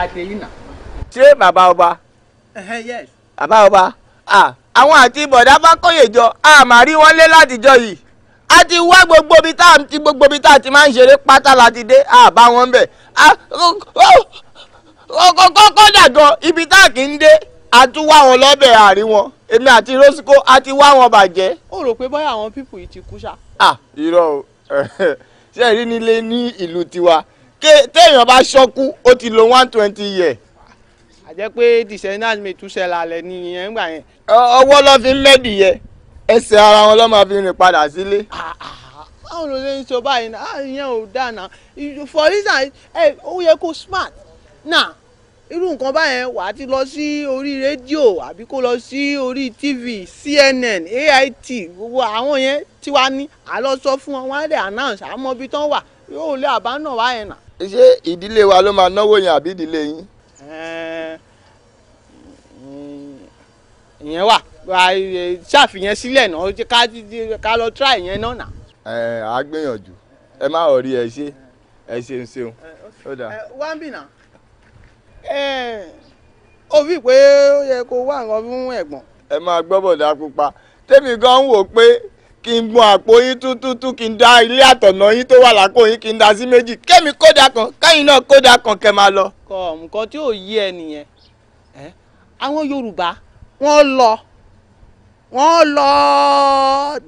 àdéhìnà. ṣé bàbá ọba. yes àbáwọba àwọn àti bọ̀dá fákóyè jọ àmà rí wọn lé látijọ́ yìí a ti wá gbogbo ibi tá àti gbogbo ibi tá àti máa ń ṣeré pátá láti dé àbá wọn bẹ̀ kọ́kọ́dà gan ibi tá kì í dé a tún wá wọn lọ́bẹ̀ àárín wọn èmi àti Roscoe a ti wá wọn bàjẹ́. ó rò pé báyà àwọn pípù yìí ti kú ṣá. à irọ́ o ṣe rí nílé ní ìlú tiwa téèyàn bá ṣọ́kú ó ti lo one twenty year àjẹ́ pé dìsẹ́nàlì mi túnṣe lálẹ́ nìyẹn ńgbà yẹn. ọwọ́ ló fi ń lẹ́dìí yẹ ẹsẹ̀ ara wọn ló máa fi rìn padà sílé. báwo ló ṣe ń sọ báyìí náà ah, ìyẹn ò dáná for instance ẹ ó yẹ kó smart náà irú nǹkan báyẹn wà á ti lọ sí orí rédíò àbí kó lọ sí orí tv cnn ait gbogbo àwọn yẹn tí wàá ní àlọ sọ fún wọn wọn á lè announce àmọ́ ibi tán wà yóò lé àbá náà wáyẹn nà. ṣé ìdílé wa ló máa náwó yẹn àbí ìdílé yín. ìyẹn wà ṣàfihàn sílẹ̀ náà ká lọ try ìyẹn náà nà. ẹ á gbìyànjú ẹ má ò rí ẹ ṣe ẹ ṣeun ṣeun ó dà. wá ń bì nà pé ó yẹ kó wá nǹkan fún ẹ̀gbọ́n. ẹ máa gbọ́ bọ̀dá pupa tèmi gan ń wò pé kí n bu àpò yín tútútú kí n da ilé àtọ̀nà yín tó wà lápò yín kí n da sí méjì kémi kódà kan kẹ́yìn náà kódà kan kẹ́ máa lọ. kọ nǹkan tí ò yí ẹ nìyẹn àwọn Yorùbá wọ́n lọ wọ́n lọ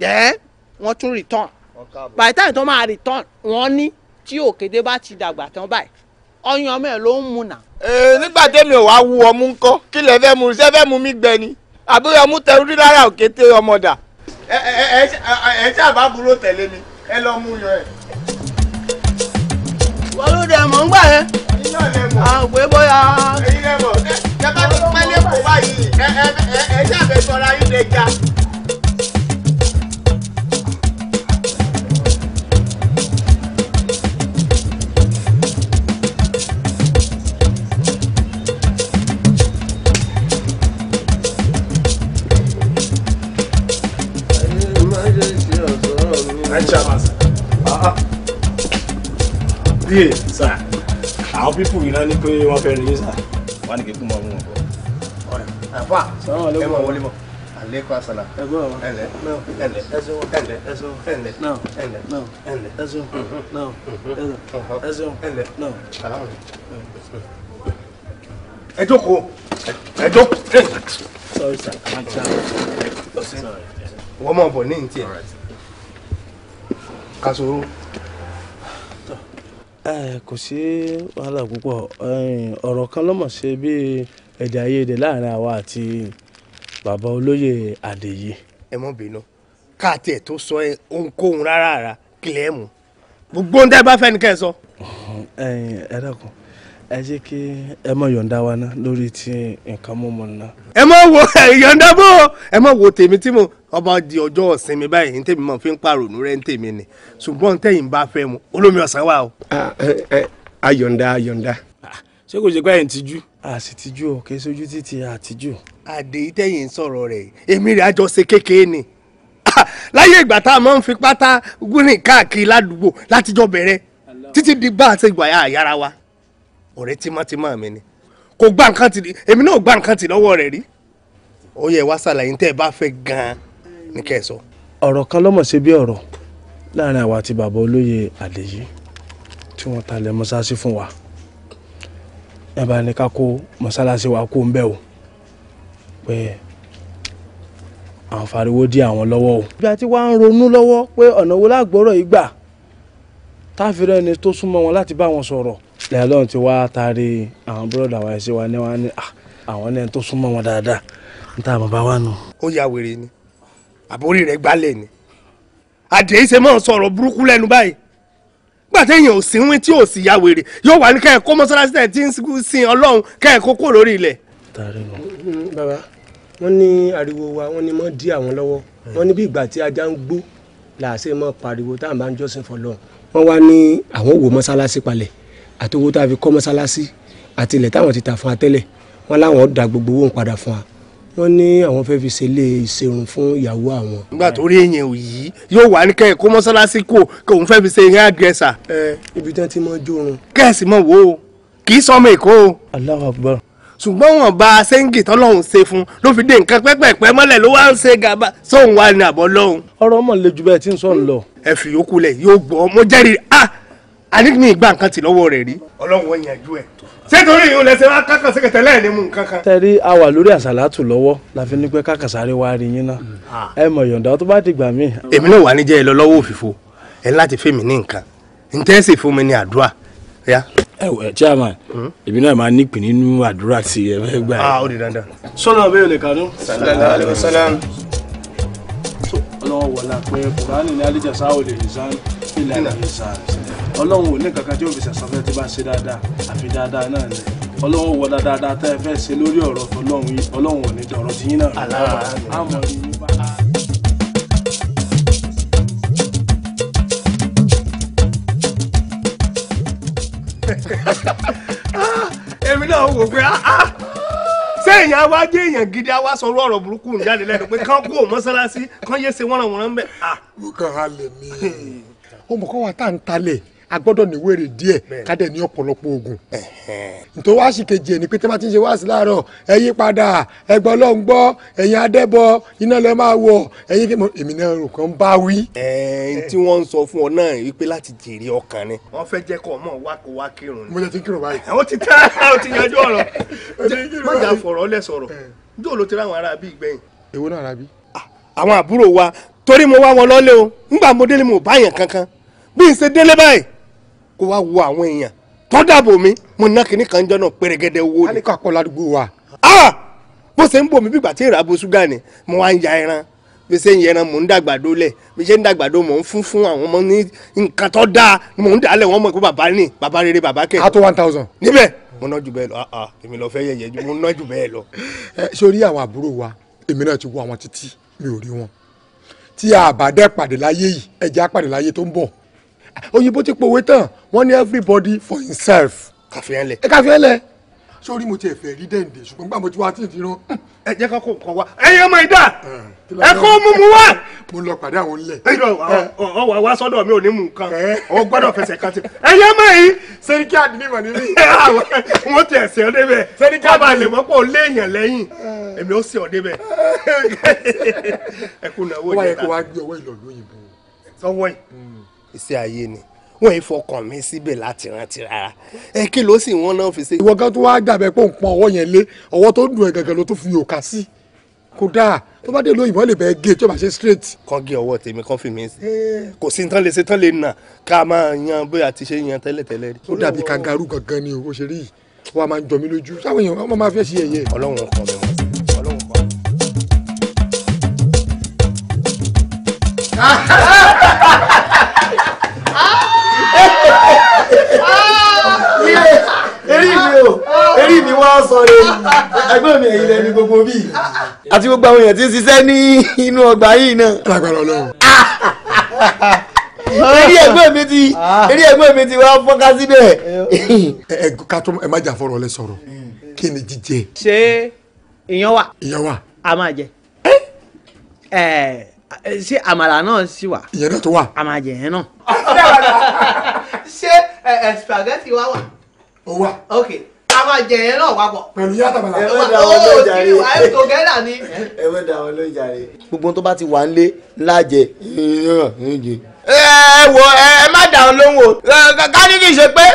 dẹ́ wọ́n tún return by the time tó máa return wọ́n ní tí òkété bá ti dàgbà tán báyìí ọyàn ọmọ ẹ ló ń mu nà. nígbà tẹ́mi ò wá wú ọmú ńkọ́ kí lè fẹ́ mu ṣé fẹ́ mu mí gbẹ ni àbí ọmú tẹrú rí lára òkété ọmọdà. ẹ ẹ ẹ ṣáàbà burú tẹ̀lé mi ẹ lọ mú yan ẹ. wọ́n ló dẹ̀ mọ̀ ń gbà yẹn àwẹ̀ bóyá. ẹ̀yin lè mọ̀ ẹ bá ti pẹ́ lẹ́kọ̀ọ́ báyìí ẹ ẹ ẹ ẹ ṣàbẹ̀ sọ̀rọ̀ ayé lè ja. Yeah, sorry àwọn pípù yìí náà ní pé wọ́n fẹ́ release à wà ní kíkún mọ́ mú wọn. ọ̀rẹ́ àfà ẹ mọ̀ wọlé mọ́ aleko asala ẹnlẹ ẹnlẹ ẹsọ ẹnlẹ ẹsọ ẹnlẹ ẹnlẹ ẹnlẹ ẹsọ ẹsọ ẹnlẹ ẹ jókòó ẹ jókòó. sorry sir i'm sorry. wọ́n mọ̀ bọ̀ ní ntí ẹ̀ kásòrò kò sí wàhálà púpọ̀ ọ̀rọ̀ kan lọ́mọ̀ ṣe bí èdè àìyedè láàrin àwa àti bàbá olóyè adéyé. ẹ mọ̀ bínú ká tiẹ̀ tó sọ ohunkóhun rárá kílẹ̀ mú gbogbo ohun tẹ́ bá fẹ́ ni kẹ́ ẹ sọ. ẹ dákun ẹ ṣe kí ẹ mọ yọ̀ǹda wa ná lórí ti nǹkan mímu ná. ẹ mọ wo yọ̀ǹda bó ẹ mọ wo tèmi tí mo ọba di ọjọ́ ọ̀sìn mi báyìí ní tèmi mọ̀ fi ń pàrònú rẹ̀ ní tèmi ni ṣùgbọ́n tẹ̀yìn bá fẹ́ mu olómi ọ̀sán wà o. ayọ̀ǹda ayọ̀ǹda. Ah, ṣé kò ṣe pé ẹ̀yin tijú. a sì tijú o kì í ṣojú títí àtijú. àdè tẹ̀yìn sọ̀rọ̀ rẹ̀ èmi rẹ̀ àjọṣe kékeré ni ah, láyé ìgbà tá a máa ń fi pátá gúnrìn káàkiri ládùúgbò látijọ́ bẹ̀rẹ̀ títí di bá a ṣe gbà yára wa ọ̀rẹ́ tímọ́tímọ́ mi ni kò gbà nǹkan tì èmi náà gbà nǹkan tì lọ́wọ́ rẹ̀ rí ó yẹ wá ṣàlàyé tẹ́ ẹ bá fẹ́ gan-an ní kẹ́ ẹ sọ. ọ̀rọ̀ kan lọ́mọ̀ ṣe bí ọ̀rọ̀ láàrin àwa àti bàbá olóye àdèyí tí wọ́n talẹ̀ mọ́ṣáláṣí fún wa ẹ bá ní ká kó mọ́ṣáláṣí wa kó ń bẹ̀ o pé àwọn fariwo dí àwọn lọ́wọ́ o. ibi àti wá ń ronú lọ́wọ́ pé ọ̀nà wo lágbọ́rọ̀ yìí gbà táfi rẹ́ni tó súnmọ́ wọn láti bá wọn sọ̀rọ̀ lẹ́yìn tí wàá taari àwọn búrọ̀dà wa ṣe wa ní wa ní ah, àwọn ẹni tó súnmọ́ wọn dáadáa níta bàbá wa nù. ó ya wèrè ni àbórí rẹ̀ gbálẹ̀ ni àdìẹ ìṣe máa ń sọ̀rọ̀ burúkú lẹ́nu báyìí gbàtẹ́ èèyàn ò sínwín tí ò sì ya wèrè yóò wà ní kẹ́ẹ̀kọ́ mọ́sálásí tẹ̀ tí ń sin ọlọ́run kẹ́ẹ̀kọ́ kò lórí ilẹ̀. tààrí nù. Mm-hmm, bàbá wọn ní ariwo wa wọn ní mọ dí àwọn lọ́wọ́ mm. wọn ní bí ìgbà tí ajá ń gbó làásè mọ pariwo táwọn bá ń jọ́sìn fọ́lọ́run wọn wá ní àwọn wò mọ́sálásí palẹ̀ àti owó tá a fi kọ́ mọ́sálásí àti ilẹ̀ táwọn ti tà fún wa tẹ́lẹ̀ wọn láwọn dá gbogbo owó ń padà fún wa wọn ní àwọn fẹ́ fi ṣe ilé ìṣerun fún ìyàwó àwọn. nígbà tó rí èèyàn yìí yóò wà ní kẹ́ẹ̀ kó mọ́sálásí kò kó òun fẹ́ fi ṣe ìyá àdírẹ́sà. ẹ ibi tí wọn ti mọ jórun. kẹ́ẹ̀sì mọ̀ wò ó kì í sọmọ èkó o. Allahu Akbar. ṣùgbọ́n wọn bá a sẹ́ńgì tọ́lọ́hún ṣe fún ló fi dé nǹkan pẹ́pẹ́pẹ́ mọ́lẹ̀ ló wá ń ṣe gàba sóun wà ní àbọ̀ lọ́hùn. ọ̀rọ̀ ọmọ le jù bẹ́ẹ̀ tí ń sọ̀rọ̀ lọ. ẹ fi yòókù lẹ̀ yóò gbọ́ mo jẹ́rìí ah àní mi ìgbà nǹkan tì lọ́wọ́ rẹ̀ rí ọlọ́run ọ̀yànjú ẹ̀ sétorí ìhun lẹsẹ̀ wá kákan síkẹtẹ lẹ́ẹ̀ ní mú nǹkan kan. tẹ́rí a wà lórí àṣàlátù lọ́wọ́ la fi ní pé kákàsáré wa rí yín náà mm. ah. ẹ mọ̀ yọ̀ǹda tó bá ti gbà mí. èmi náà wà ní jẹ́ ẹ lọ lọ́wọ́ òfìfo ẹ láti fẹ́ mi ní nǹkan ǹtẹ́ sì fún mi ní àdúrà yá. ẹ wẹ chairman hmm? èmi náà máa nípìn nínú àdúrà tí ẹ fẹ́ gbà. Ah, ó di dandan. sọ́nà lọ́wọ́ wọ̀la pé kùránì ní alíjàsá ò lè rìsán ìlànà ìsàn ọlọ́run ò ní kankan tí ó fi sàṣàn tí bá ṣe dáadáa àfi dáadáa náà ni ọlọ́run wọ̀la dáadáa tá ẹ fẹ́ ṣe lórí ọ̀rọ̀ ọlọ́run yìí ọlọ́run ò ní dọ̀rọ̀ tí yín náà àmọ́ ìyín bá. Ah, èmi náà wò pé ah, ah téèyàn wá jẹ́ èèyàn gidi àwa sọ ọ̀rọ̀ burúkú ń jáde lẹ́nu pé kán kú mọ́sálásí kán yé ṣe wọ́nrán wọ́nrán bẹ́ẹ̀. Ah. wọ́n kàn án lè mí. ó mọ̀ kọ́ wa tá à ń talẹ̀ a gbọ́dọ̀ ní wèrè díẹ̀ ká dẹ̀ ní ọ̀pọ̀lọpọ̀ oògùn. nítorí wá sí kejì ẹ̀ ni pé tí wọ́n ti ń ṣe wáàsí láàárọ̀ ẹ yí padà ẹ gbọ́ lọ́n gbọ́ ẹ̀yin adẹ́bọ iná lẹ máa wọ̀ ẹ̀yin kí èmi náà rò kàn bá wí. ẹ̀ẹ́n tí wọ́n ń sọ fún ọ náà yìí pé láti jèrè ọkàn ni. wọ́n fẹ́ jẹ́ kọ́ mọ̀ wá kó wá kírun ni. mo ti kírun báyìí. ó ti tẹ́ ó ti yanjú ọ̀rọ̀ má jà fọ̀rọ̀ lẹ̀ sọ̀rọ̀ yóò ló ti ráwọn aráabí gbẹ̀yìn. èwo náà aráabí. Ah, àwọn àbúrò wa torí mo wá wọn lọ́lé o ńgbà mo délé mo bá yàn kankan bí n ṣe délé báyìí kó wá wo àwọn èèyàn tó dàbò mi mo ná kinní kan jọ náà pèrègèdè owó ni. kálíkà kọ́lá àdúgbò wa. bó ṣe ń bò mí bígbà tí ìràbò ṣúgà ni mo wá ń ya ẹran bí ṣe ń yẹran mò ń dàgbàdo lẹ̀ bí ṣe ń dàgbàdo mò ń fún fún àwọn ọmọ ní nǹkan tó dáa mò ń dàálẹ̀ wọ́n mọ̀ pé bàbá ni bàbá rere bàbá kẹ̀. Ato one thousand. níbẹ̀ mo ná jù bẹ́ẹ̀ lọ èmi lọ fẹ́ yẹ̀yẹ́ ju mo ná jù bẹ́ẹ̀ lọ. ẹ sórí àwọn àbúrò wa èmi náà ti wo àwọn títí mi ò rí wọn tí a bá dẹ́ pàdé láyé yìí ẹ̀jẹ̀ pàdé láyé tó ń bọ̀ òyìnbó ti pòwe tán wọ́n ní everybody for himself kàfihàn lẹ̀ ẹ kàfihàn lẹ̀ sórí mo tiẹ̀ fẹ́ rí dẹ́ǹdẹ̀ ṣùgbọ́n gbà mo ti wá tí ì ti rán hmm, ẹ jẹ́ kọ́kọ́ nǹkan wá ẹ̀yin ọmọ ìdá ẹ kó mú mu wá. mo lọ pàdé àwọn olè. ọ wà wá sọ́dọ̀ mi ò ní mú nǹkan ọ gbọ́dọ̀ fẹsẹ̀ kan ti. ẹ̀yin ọmọ yìí. sẹ́ríkì àdínní mà nílé. wọ́n ti ẹ̀sẹ̀ ọ débẹ̀. sẹ́ríkì àdínní. kọ́ba lè mọ́pọ̀ léèyàn lẹ́yìn èmi ó sì ọ débẹ̀. ẹ kú náà wọ́n yẹ ká. wọ́n yẹ kó wá gbé ọwọ́ ìlọ́lú òyìnbó. sọ́wọ́ yìí. Hmm. ìṣe ayé ni wọn ì fọkàn mi síbẹ̀ láti rántí rárá ẹ kí ló sì wọn náà fi ṣe. ìwọ gan tó wá dàbẹ pé òun pọn ọwọ́ yẹn lé ọwọ́ tó ń dùn ẹ gàgà ló tó fi òkà sí kódà tó bá dé lóyìnbó lè bẹ gé e tó bá ṣe straight. kàn gé ọwọ́ tèmi kàn fi mi sí. kò sí tán lè ṣe tán lè nà ká máa yan bóyá ti ṣe yan tẹ́lẹ̀tẹ́lẹ̀ rí. ó dàbí kangaroo gangan ni o ṣe rí yìí wọ́n máa ń jọ mí lójú sáwọn eré mi wá sọ rẹ ẹ̀gbọ́n mi ẹ̀yin lẹni gbogbo bíi àti gbogbo àwọn èèyàn tí ń ṣiṣẹ́ ní inú ọgbà yìí náà. lágbára Ọlọ́run. eré ẹ̀gbọ́n mi ti eré ẹ̀gbọ́n mi ti wá fọ́nká síbẹ̀. ẹ ká tó ẹ má jà fọ̀rọ̀ lẹ sọ̀rọ̀ kí ni jíjẹ. ṣé ìyan wà. ìyan wà. a máa jẹ. ẹ ẹ ṣé àmàlà náà ṣì wà. ìyẹn náà tó wà. a máa jẹ yẹn náà. ṣé ẹ ẹ spaghetti wà wà. ó wà. okay a máa jẹ yẹn náà wá bọ̀. pẹ̀lú yàtọ̀ bàlá. ẹ̀wọ̀n da wọn ló jàre. ayé tògẹ́dà ni. ẹ̀wọ̀n da gbogbo tó bá ti wà ń lájẹ ẹ wo ẹ má dà wọn lóhùn o ká ní kí n ṣe pé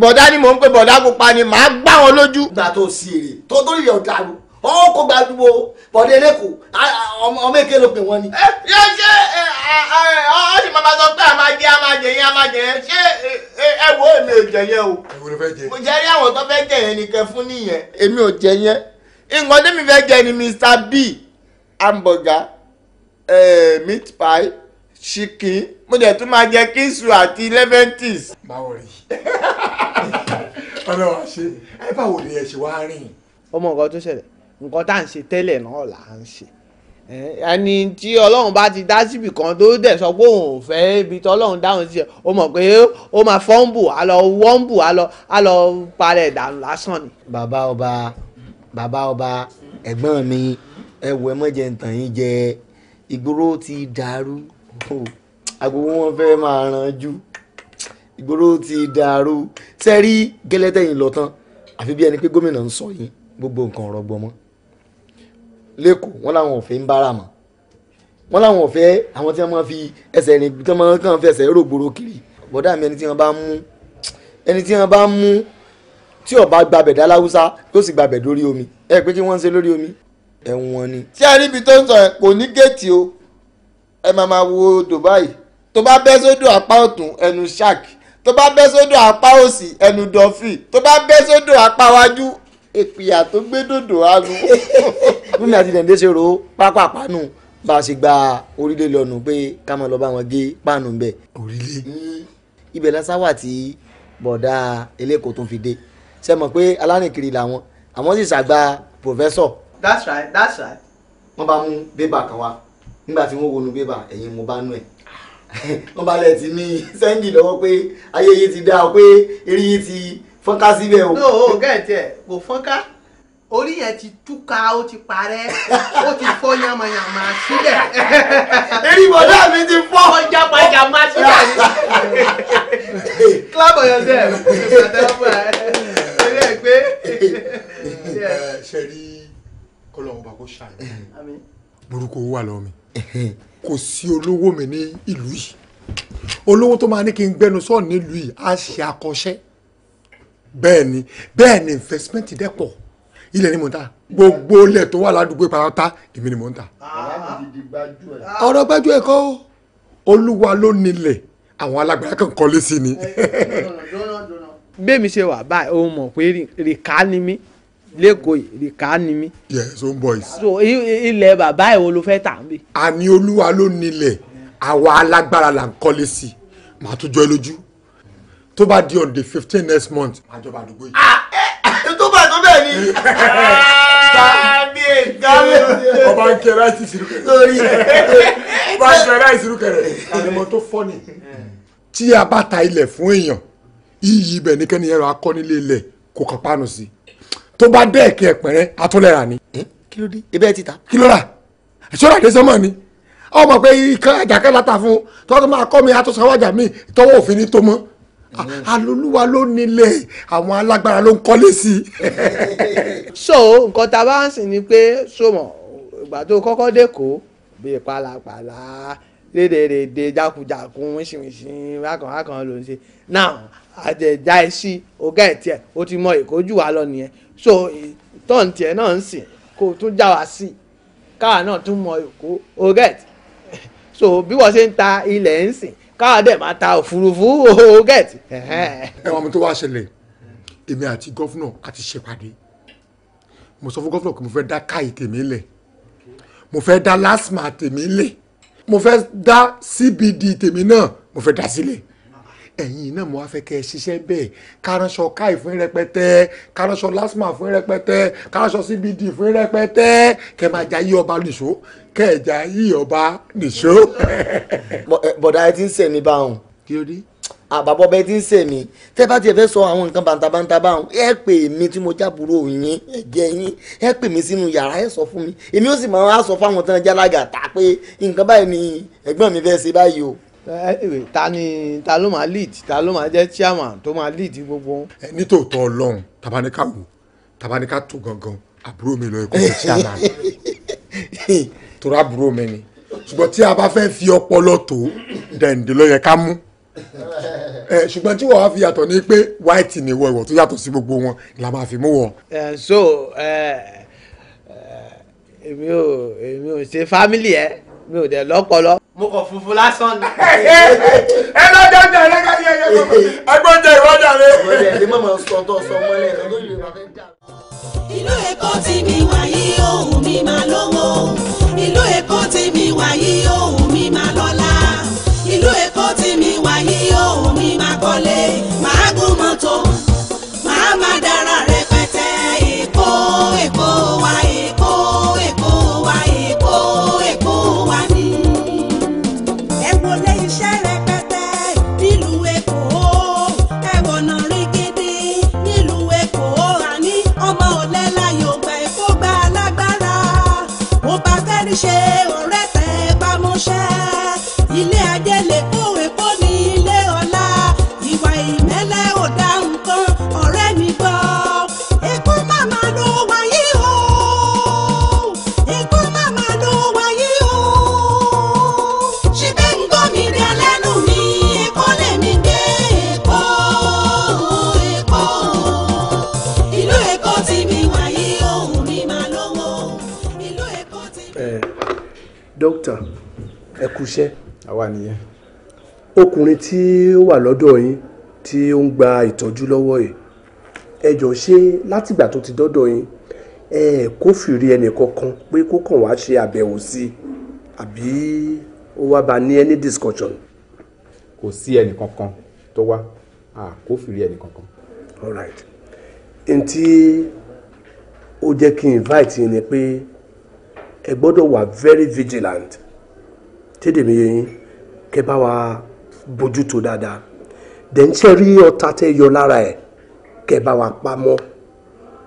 bọ̀dá ni mò ń pe bọ̀dá pupa ni màá gbá wọn lójú. gbà tó sí èrè tó tó yọ̀ dàrú ó kó gbàdúgbò bọ̀dé lẹ́kọ̀ọ́ ọmọ èké ló pè wọ́n ni. ṣé ṣé ọ sì máa sọ pé a máa jẹ a máa jẹ yẹn a máa jẹ yẹn ṣé ẹ wo èmi ò jẹ yẹn o. èwo ló fẹ́ jẹ. mo jẹ́ rí àwọn tó fẹ́ jẹ yẹn nìkan fún nìyẹn. èmi ò jẹ yẹn nǹkan tẹ́mi fẹ́ Mr. B hamburger meat pie chicken mo dẹ̀ tún máa jẹ kíṣù àti eleventies. báwo rí ọ̀nà wa ṣe ẹ báwo ni ẹ ṣe wá rìn. ọmọ nǹkan tó ṣẹlẹ̀ nǹkan tá à ń ṣe tẹ́lẹ̀ náà là ń ṣe ẹni tí ọlọ́run bá ti dá síbì kan tó dẹ̀ sọ pé òun ò fẹ́ ibi tí ọlọ́run dáhùn sí ẹ o mọ̀ pé ó máa fọ́ǹbù á lọ wọ́ǹbù á lọ á lọ parẹ́ ìdànù lásán ni. bàbá ọba bàbá ọba ẹ̀gbọ́n mi ẹ wọ ẹ ntàn yín jẹ ìgboro ti dàrú àgbòwò wọn fẹ́ máa ranjú ìgboro ti dàrú sẹ́rí gẹ́lẹ́tẹ̀yìn lọ tán àfi bí ẹni pé gómìnà ń sọ yín gbogbo nǹkan ọ̀rọ̀ gbọmọ́ lẹ́kọ̀ọ́ wọ́n làwọn ò fẹ́ ń bára mọ́ wọ́n làwọn ò fẹ́ àwọn tí wọ́n máa fi ẹsẹ̀ rìn tí wọ́n máa kàn fẹsẹ̀ rògbòrò kiri bọ̀dá mi ẹni tí wọ́n bá mú ẹni tí wọ́n bá mú tí ó bá gbabẹ̀ dá láwùsá yóò sì gbabẹ̀ lórí omi ẹ pé kí wọ́n ń ṣe lórí omi ẹ̀wọ̀n ni. tí a níbi tó ń sọ ẹ kò ní géètì o ẹ máa máa wo Dubai tó bá bẹ́ sódò apá ọ̀tún ẹnu shark tó bá bẹ́ sódò apá òsì ẹnu dolphin tó bá bẹ́ sódò apá wájú ìpìyà tó gbé dòdò àánú. mímí àti dèndé ṣe ro pápá pánú bá a ṣe gba orílẹ̀ lọ́nu pé ká máa lọ bá wọn gé pánú bẹ́ẹ̀. orílẹ̀. Hmm. ibẹ̀ lásán wà tí bọ̀dá eléko tó fi dé ṣe mọ̀ pé alárìnkiri làwọn àwọn sì ṣàgbà pòfẹ́sọ̀. that's right that's right. wọ́n bá mú bébà kan wá nígbà tí wọ́n wọnú bébà ẹ̀yin mo bá nú ẹ̀ wọ́n bá lẹ̀ ti ní sẹ́ńgì lọ́wọ́ pé ayé yìí ti dáa pé eré yìí ti fọ́nká síbẹ̀ o. no o gẹ̀ẹ́tì ẹ̀ kò fọ́nká orí yẹn ti túká ó ti parẹ́ ó ti fọ́ yamayama síbẹ̀. eré ìbọ̀dá mi ti fọ́. ó jápajàmá síbẹ̀ clap on yourself. ṣe é pé. ṣe rí kọlọ́hún bá kó ṣàyẹ̀. burúkú wà lọ́wọ́ mi kò sí olówó mi ní ìlú yìí olówó tó máa ní kí n gbẹnu sọ́ọ̀ nílùú yìí á ṣe akọ́ṣẹ́ bẹ́ẹ̀ ni bẹ́ẹ̀ ni investment dẹ̀ pọ̀ ilẹ̀ ni mò ń ta gbogbo ilẹ̀ tó wà ládùúgbò ìparata èmi ni mò ń ta. ọ̀rọ̀ gbájú ẹ̀ kọ́ olúwa ló nílẹ̀ àwọn alágbára kan kọ́lé sí ni. bẹ́ẹ̀mi ṣe wà báyìí o mọ̀ pé rìkà ni mí lẹ́kọ̀ọ́ rìkà ni mí. yes home boys. so ilẹ̀ bàbá ẹ̀ wo ló fẹ́ tà ń bì. àní olúwa ló nílẹ̀ àwa alágbára là ń kọ́lé sí màá tún jọ ẹ lójú tó bá di on the fifteen next month máa jọba àdúgbò yìí. Ah, eh, eh, tó bá tó bẹ́ẹ̀ ni. sáàbì gálẹ̀. ọba ń kẹ láìsí sírúkẹrẹ. sórí ọba ń kẹ láìsí sírúkẹrẹ. àlẹmọ tó fọ́ ni. tí a bá ta ilẹ̀ fún èèyàn iyì ibẹ̀ ní kẹ́ni ẹ̀rọ akọ́nilé ilẹ̀ kò kàn pánu sí i tó bá dẹ́ẹ̀kì ẹ̀pẹ̀rẹ́ atúnlẹ̀ra ni. Eh, kí ló dé ibẹ̀ ti ta. kí ló rà ìṣọ́ra àdéṣọ́mọ̀ ni ọmọ pé ìkàkẹ́ látà fún tọ́tún máa kọ́ mi àtúnṣe wájà mi tọ́wọ́ òfin ní tó mọ́. Ah, alolúwa ló nílẹ̀ àwọn alágbára ló ń kọ́lé sí i. so nǹkan tá a bá ń sìn ni pé sọmọ ìgbà tó kọ́kọ́ dẹ́kọ̀ọ́ bíi pàlàpàlà rédèrèdè jákujàkun wíṣìwíṣìn bákan bákan ló ń ṣe now àjẹjà ẹṣí ọgá ẹ tiẹ̀ ó ti mọ èkó jù wá lọ nìyẹn so ìtọ́n tiẹ̀ náà ń sìn kó o tún já wa sí i káwa náà tún mọ èkó ọgá ẹ so bí wọ́n ṣe ń ta ilẹ̀ ń sìn káà dẹ̀ máa ta òfurufú o get. ẹ wọ́n mi tó wá ṣẹlẹ̀ èmi àti gọ́fúnà àti ṣèpàdé mo sọ fún gọ́fúnà pé mo fẹ́ dá káyì tèmi lẹ̀ mo fẹ́ dá lásìmà tèmi lẹ̀ mo fẹ́ dá cbd tèmi náà mo fẹ́ dá sílẹ̀ ẹ̀yin náà mo wá fẹ́ kẹ́ ẹ ṣiṣẹ́ bẹ́ẹ̀ káránṣọ káì fún rẹpẹtẹ káránṣọ lásìmà fún rẹpẹtẹ káránṣọ cbd fún rẹpẹtẹ kẹ máa jà yí ọba nìṣó kẹ ẹ jà yí ọba nìṣó. bọ̀dá ẹ ti ń sẹ̀ mi báwọn. kí ló dé. àbàbọ̀ bẹ́ẹ̀ ti ń sẹ̀ mi tẹ́ bá tiẹ̀ fẹ́ sọ àwọn nǹkan bàǹtàbàǹtà báwọn ẹ pè mí tí mo jábúrò yín ẹ jẹ yín ẹ pè mí sínú yàrá ẹ sọ fún mi èmi ó sì máa sọ mi fẹ́ ṣe anyway eh, eh, eh, ta ni ta ló máa lead ta ló máa jẹ́ chairman tó máa lead gbogbo. nítòótọ́ ọlọ́run tabaníkà wò tabaníkà tó gangan àbúrò mi lọ ẹ̀kọ́ chairman torí àbúrò mi ni ṣùgbọ́n tí a bá fẹ́ fi ọpọlọ tó dẹ̀ǹdẹ̀ ló yẹ ká mú ṣùgbọ́n tí wọ́n á fi yàtọ̀ ni pé white ni wọ́n ìwọ̀ tó yàtọ̀ sí gbogbo wọn la máa fi mú wọn. so èmi ò èmi ò ṣe family ẹ. Eh? mi ò dẹ̀ lọ́pọlọ. mo kàn funfun lásán ni. ẹ lọ́jọ́ jẹ ẹlẹ́gà yẹ yẹ kókó agbọ́njẹ ìwọ́jà rẹ. ọ̀rẹ́ ẹ̀ lè má máa sọ tó sọ mọ́lẹ̀ ẹ̀ lórí ìwà fẹ́ jà. ìlú Èkó tí mi wà yìí ohùn mi máa lówó ìlú Èkó tí mi wà yìí ohùn mi máa lọ́lá ìlú Èkó tí mi wà yìí ohùn mi máa kọ́lé màá gún mọ́tò màá má dá ọkùnrin tí ó wà lọ́dọ̀ yín tí ó ń gba ìtọ́jú lọ́wọ́ yìí ẹ jọ ṣé látìgbà tó ti dọ́dọ̀ yín ẹ kò fìrí ẹnìkankan pé kó kàn wá ṣe àbẹ̀wò sí i àbí ó wá bá ní any discussion. kò sí ẹnìkankan tó wá a kò fìrí ẹnìkankan. all right n tí ó jẹ́ kí n invite yín ni pé ẹ gbọ́dọ̀ wà very vigilant tẹ́lẹ̀ mi yẹn kẹ́ bá wa bójútó dáadáa dẹ̀ń ṣe rí ọta tẹ́ yọ lára ẹ̀ kẹ́ bá wa pamọ́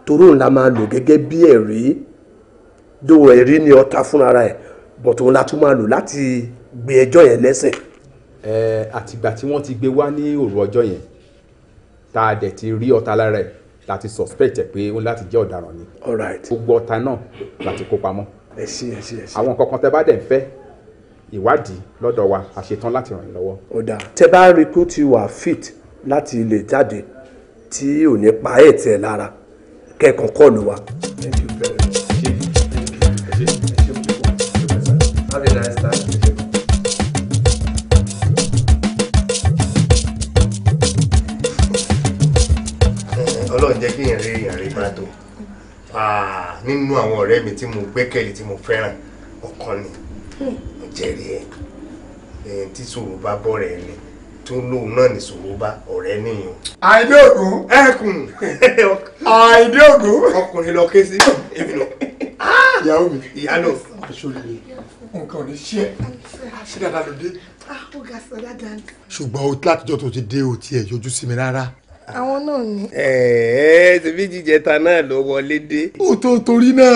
torí òun la máa lò gẹ́gẹ́ bí ẹ̀rí dó ẹ̀rí ni ọta fúnra ẹ̀ bọ̀t òun la tún máa lò láti gbé ẹjọ́ yẹn lẹ́sẹ̀. ẹ àtìgbà tí wọ́n ti gbé wá ní òru ọjọ́ yẹn tá a dẹ̀ ti rí ọta lára ẹ̀ láti suspect ẹ̀ pé ó láti jẹ́ ọ̀daràn ni. all right. gbogbo ọta náà láti kó pamọ́. ẹ ṣe ẹ ṣe ẹ ṣe. àwọn kankan tẹ bá dẹ̀ ń fẹ́ ìwádìí lọ́dọ̀ wa a ṣetán láti ràn yín lọ́wọ́. ó dà tẹ bá rí kó ti wà fit láti lè jáde tí ò ní pa ẹ̀ tẹ̀ lára kẹ́kọ̀ọ́ kọ́ọ̀lù wa. thank you very much. Have a nice time. Ọlọ́run jẹ́ kí ìyànrere ìyànrere máa tó ah, nínú àwọn ọ̀rẹ́ mi tí mo gbẹ́kẹ̀lé tí mo fẹ́ràn ọ̀kan ni jẹ̀rẹ̀ ẹ̀ tí ṣòro bá bọ̀ rẹ̀ ni tó lóun náà ní ṣòro bá ọ̀rẹ́ nìyẹn. àìdé ògùn ẹkùn àìdé ògùn ọkùnrin lọ ké sí èmi lọ. Ah! ìyàwó mi ìyálò aṣọ́lẹ̀ nǹkan ní ṣe ah, ṣe dáadáa ló dé. Ah, ṣùgbọ́n o láti jọ́ tó ti dé o tiẹ̀ yọjú sí mi rárá àwọn náà ni. ẹ̀ẹ́ tẹ̀bí jíjẹta náà ló wọlé dé. ó tó torí náà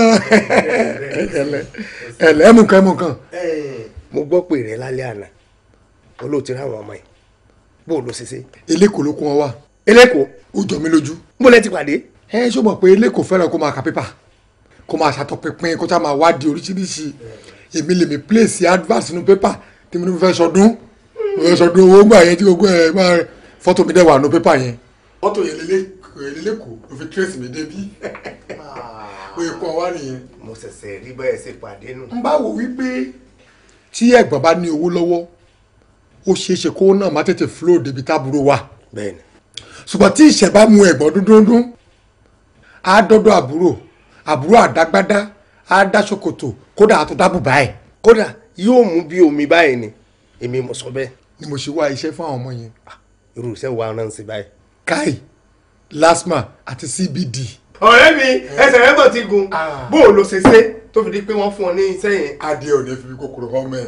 ẹ̀lẹ́ ẹ̀mú kan ẹ̀mú kan. mo gbọ́ pé rẹ lálẹ́ àná olóòtú ráwọn ọmọ yìí bó o lọ ṣe ṣe. eléko ló kún ọ wá. eléko. ó jọ mi lójú. bó lẹ ti pàdé. ẹ ṣó mọ̀ pé eléko fẹ́ràn kó máa ka pépà kó máa ṣàtọpinpin kó tá máa wádìí oríṣiríṣi èmi lèmi pílèsì advert nínú pépà tí mo fẹ́ sọdún sọdún owó gbà yẹn tí gbogbo ẹ̀ máa fọ́tò mi dẹ̀ wà nínú pépà yẹn mọ́tò yẹn lélẹ́kọ̀ọ́ ló fi tírèsì mi débí oye ah. kọ́ wa nìyẹn. mo ṣẹ̀ṣẹ̀ rí bẹ́ẹ̀ ṣe pàdé nù. n bá wò wípé tí ẹ̀gbọ́n bá ní owó lọ́wọ́ ó ṣeé ṣe kó náà má tètè flow débi táàbúrò wa. bẹ́ẹ̀ni. ṣùgbọ́n tí ìṣẹ̀ bá mu ẹ̀gbọ́n dúndúndún á dọ́dọ̀ àbúrò àbúrò àdágbádá á dá ṣòkòtò kódà àtún dábùbá ẹ̀. kódà yóò mú bí omi báyìí ni èmi mo sọ bẹ́ẹ̀. ni mo ṣe wá iṣẹ́ fún àwọn ọmọ yẹn. Ah, irú iṣẹ́ wa náà ń ṣe báyìí. kai lasma àti cbd. ọ̀rẹ́ mi eh. ẹsẹ̀ rẹ̀ ti gun ah. bó o ṣe ṣe tó fún ọ ní iṣẹ́ yẹn. adé ò ní fi kòkòrò kan mẹ́.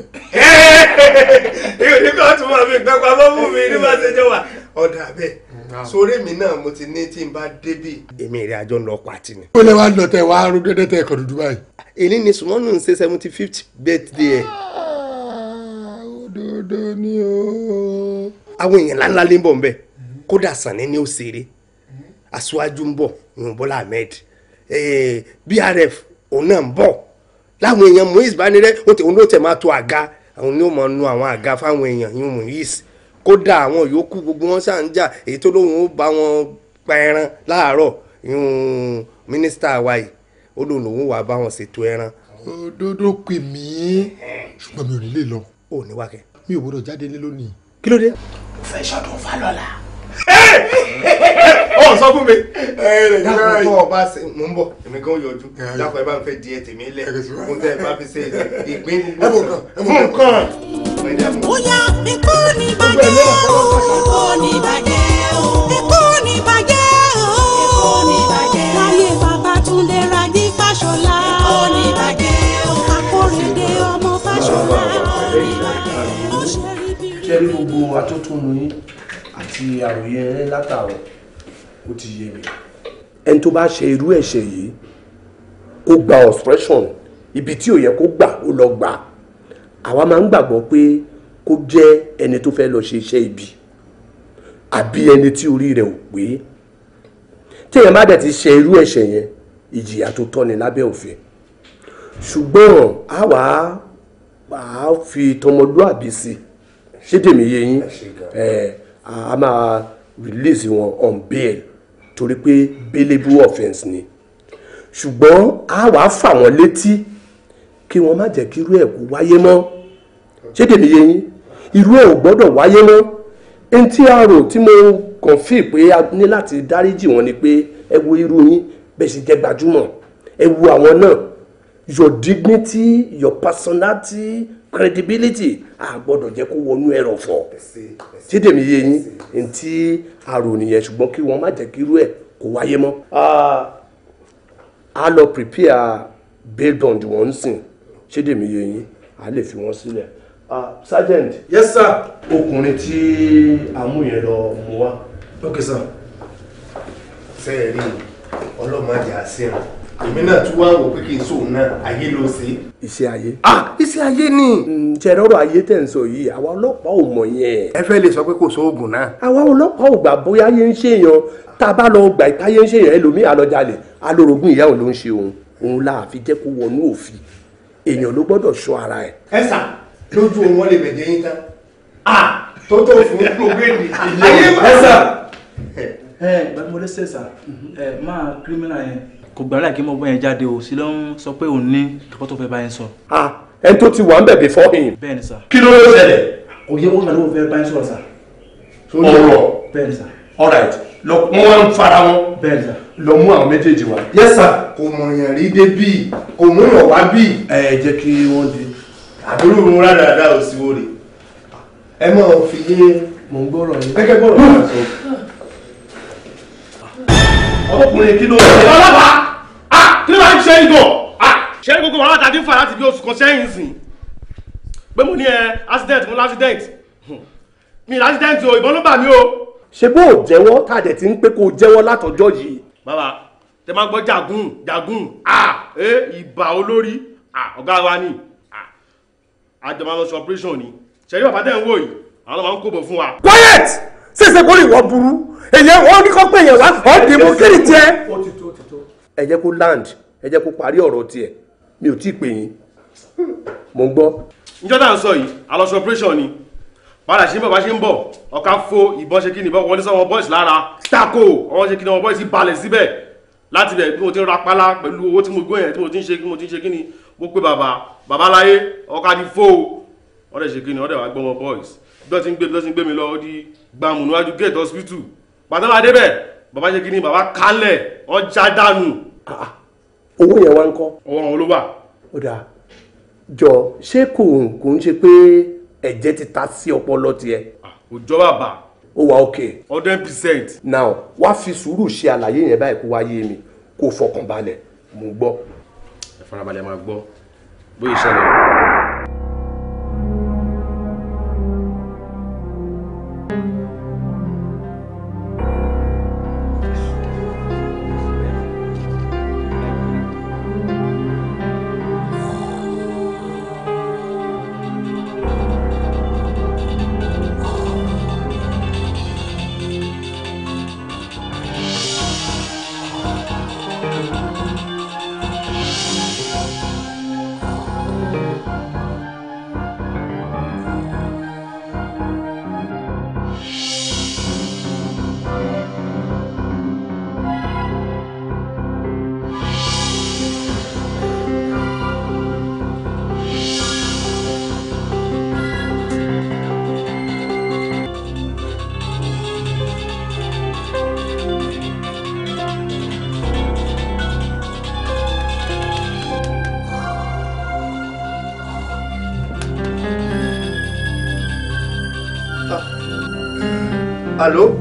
ìròyìn kan tún máa fi fún mi ní bá ṣe jọ wà. ọ̀dà ah. mi náà mo ti ní tí n bá débì. ni. ó lè wá lọ tẹ wàá rú dédé tẹ ẹkọ dúdú báyìí. èyí ni ń ṣe seventy fifth birthday ẹ̀. Ah, àwọn èèyàn lè ń bọ̀ kódà sànni ni ó ṣeré aṣáájú ń bọ̀ ìwọ̀n Bọ́lá Ahmed eh, BRF òun náà ń bọ̀ láwọn èèyàn Muiz Banire òun ló tẹ̀ máa to àga àwọn ni ó máa nu àwọn àga fáwọn èèyàn yìí Muiz kódà àwọn yòókù gbogbo wọn ṣáà ń jà èyí tó lóun ó bá wọn pa ẹran láàárọ̀ yún mínísítà wa ó lóun lòun wàá bá wọn ṣètò ẹran. òdodo pè mí ṣùgbọ́n mi ò ní lè lọ. ò ní wákẹ́. mi ò gbọdọ̀ jáde lé lónìí. kí ló dé. mo fẹ́ sọ́dún falọ́la ọ sọ fún mi. dákun tó ọba mò ń bọ̀ èmi kan yọjú dákun ẹ bá ń fẹ́ di ẹ tèmi lẹ̀ mo tẹ́ ẹ bá fi ṣe ìpín gbogbo nǹkan. bóyá ikú ni bàjẹ́ o ikú ni bàjẹ́ o ikú ni bàjẹ́ o ikú ni bàjẹ́ o láyé Babátúndé Rájí Fáṣọlá ikú ni bàjẹ́ o Akórèdé ọmọ Fáṣọlá ikú ni bàjẹ́ o ṣé gbogbo atótùnú yín àti àròyé látàrọ̀ ó ti yé mi. ẹni tó bá ṣe irú ẹ̀ṣẹ̀ yìí kó gba obstruction ibi tí ò yẹ kó gbà ó lọ gbà àwa máa ń gbàgbọ́ pé kó jẹ́ ẹni tó fẹ́ lọ ṣe iṣẹ́ ibi àbí ẹni tí orí rẹ̀ ò pé téèyàn má dẹ̀ ti ṣe irú ẹ̀ṣẹ̀ yẹn ìjìyà tó tọ́ ni lábẹ́ òfin ṣùgbọ́n a á fi tọmọlúàbí sí ṣé tèmi yé yín ẹ̀ a máa release wọn on bail torí pé bailable offence ni ṣùgbọ́n a wàá fà wọ́n létí kí wọ́n má jẹ́ kí irú ẹ̀ kó wáyé mọ́ ṣé tèmi yé irú ẹ̀ ò gbọ́dọ̀ wáyé mọ́ ẹni tí a rò tí mo kàn fi pé a ní láti dáríjì wọn ni pé ẹ wo irú yín bẹ́ẹ̀ ṣe jẹ́ gbajúmọ̀ ẹ wo àwọn náà your dignity your personality credibility a gbọ́dọ̀ jẹ́ kó wọnú ẹ̀rọ fọ̀ tí tèmi yé yín ntí arò nìyẹn kí wọ́n má jẹ́ kí irú ẹ̀ kó wáyé mọ́. a lọ prepare bail bond wọn ń sìn ṣé tèmi yé yín a lè fi wọ́n sílẹ̀. sergeant. yes sir. ọkùnrin tí a mú yẹn lọ mú wá. ok sir. sẹ́ẹ̀rì ọlọ́mọdé àṣíràn èmi náà tún wá wò pé kí n sóun náà ayé ló ṣe. iṣẹ́ ayé. ah iṣẹ́ ayé ni. ṣẹ̀rọ̀rọ̀ ayé tẹ̀ ń sọ yìí àwa ọlọ́pàá ò mọ̀ yẹn. ẹ fẹ́ lè sọ pé kò sóògùn náà. àwa ọlọ́pàá ò gbà bóyá ayé ń ṣèyàn tá a bá lọ gbà ìta ayé ń ṣèyàn ẹlòmíì àlọ́jalè alórogún ìyá òun ló ń ṣe òun òun la àfi jẹ́ kó wọnú òfin èèyàn ló gbọ́dọ̀ ṣọ́ ara ẹ̀. ẹ sà lójú wọn ah tó tó fún gbogbo ènìyàn. ẹ sà. ẹ gbàgbọ́ lẹ́sẹ̀ sà máa kírímìnà yẹn kò gbà láì kí mo bọ́ jáde o sí ló ń sọ pé òun ní ìkọ́ tó fẹ́ bá yẹn sọ. ah ẹni tó ti wà ń bẹ̀ before him. bẹ́ẹ̀ni sà. kí ló ló ṣẹlẹ̀. kò yẹ wọn kàdé fẹ́ bá yẹn sọ̀rọ̀ sà. ọ̀rọ̀ bẹ́ẹ̀ni sà. all right lọ wọn fara wọn. bẹ́ẹ̀ni sà. lọ mú àwọn méjèèjì wá. yes sir kò mọ̀ yàn rí dé bíi kò mú yàn wá bíi. ẹ jẹ́ kí wọ́n di àdúrú wọn rárá rárá òsì wọlé ẹ máa fi yé mọ̀ ń gbọ́rọ̀ yín ọkùnrin kí ló ń ṣe. ọlọ́pàá a ah! kí ló máa ń ṣe ìgò a ah! ṣe é gbogbo wàhálà tàbí fà láti bí oṣù kan sẹ́yìn sìn pé mo ní ẹ eh, accident mo l'accident hmm. mi l'accident o ìbọn ló bà mí o. ṣé bó o jẹ́wọ́ káàdẹ̀ tí ń pé kó o jẹ́wọ́ látọjọ́ yìí. bàbá tẹ máa gbọ́ jagun jagun a ah! ẹ eh, ìbà olórí a ọ̀gá wa ni a jọ máa lọ sí operation ni ṣe é bàbá tẹ̀ ń wò yìí àwọn ọmọ ń kó bọ̀ fún wa. quiet ṣèṣe kó ìwọ burú èyẹ wọn ní kọ́ pé èyẹ wá ọ́ dìbò kiri tiẹ̀. ẹ jẹ́ kó land ẹ jẹ́ kó parí ọ̀rọ̀ tiẹ̀ mi ò tí ì pè yín mo ń gbọ́. njọ́ tá à ń sọ yìí àlọ́sọ operation ni padà ṣe ń bọ̀ bá ṣe ń bọ̀ ọ̀ka fo ìbọn ṣe kí ni ìbọn wọlé sọ́wọ́ boys lára tako ọwọ́ ṣe kí ni ọwọ́ boys balẹ̀ síbẹ̀ láti bẹ̀ bí mo ti rapala pẹ̀lú owó tí mo gbé yẹn tí mo ti ń ṣe kí mo ti ń ṣe kí ni mo pé bàbá bàbá láyé ọ̀ka ti fo ọ̀dẹ̀ ṣe kí ni ọ̀dẹ̀ wá gbọ́mọ boys bí wọ́n ti ń gbé bí wọ́n ti ń gbé mi lọ ó di gbàmù níwájú gate hospital bàtà máa débẹ̀ bàbá ṣe kí ni bàbá kálẹ̀ wọ́n já dànù. Ah, ah. owó yẹn wá ń kọ́. ọwọ́ wọn ló wà. ó dáa jọ ṣé kò kò ń ṣe pé ẹ̀jẹ̀ ti ta sí ọpọlọ tiẹ̀. Ah, òjò bàbà. ó wà okay. hundred percent. now wá fi sùúrù ṣe àlàyé yẹn báyìí kó wá yé mi kó fọkàn balẹ̀ mo gbọ́. ẹ farabalẹ̀ máa gbọ́ bóyá ìṣẹ̀lẹ̀. allô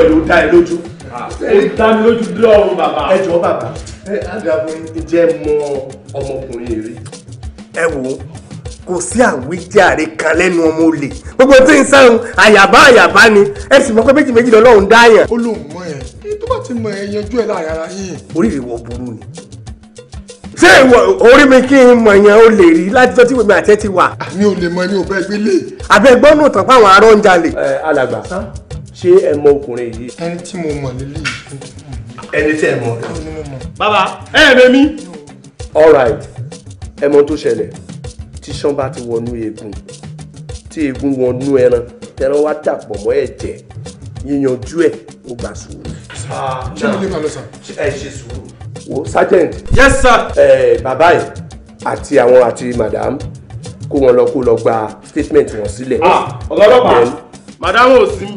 pẹ̀lú dá ẹ lójú. Ah. dá mi lójú lọ́rùn bàbá. ẹ jọ bàbá ẹ àdàbọ̀ jẹ́ mọ ọmọkùnrin rí. ẹ wo kò sí àwíjàre kan lẹ́nu ọmọ olè gbogbo tí ń sáhùn àyàbá àyàbá ni ẹ sì mọ̀ pé méjì méjì lọ́lọ́run dáyàn. ó lóun mọ ẹ tó bá ti mọ ẹ yanjú ẹ láàrin ara yín. oríire wọ burú ni ṣé ìwọ orí mi kí n mọ̀ yẹn o lè rí látijọ́ tí wèmi àtẹ́ ti wà. mi ò lè mọ ní òbẹ́ gbélé. àbẹ̀gbọ́n nù tán pàwọn arọ́ ń jalè. ẹ alàgbà ṣé ẹ mọ ọkùnrin yìí. ẹni tí mo mọ̀ lélẹ̀ yìí. ẹni tí ẹ mọ̀. bàbá ẹ ẹ bẹ mí. all right ẹ mọ tó ṣẹlẹ̀ tí ṣán bá ti wọnú eegun tí eegun wọnú ẹran tẹran wá dàpọ̀ mọ́ ẹ̀jẹ̀ yíyanjú ẹ̀ ó gbà sùúrù. ṣé mo lè máa lọ sàn. ẹ ṣe sùúrù. wo sergeant. yes sir. ẹ bàbá yìí àti àwọn àti madam kó wọn lọ kó lọ gba statement wọn sílẹ̀. Ah, ọ̀gá ọlọ́pàá madam ò sí ń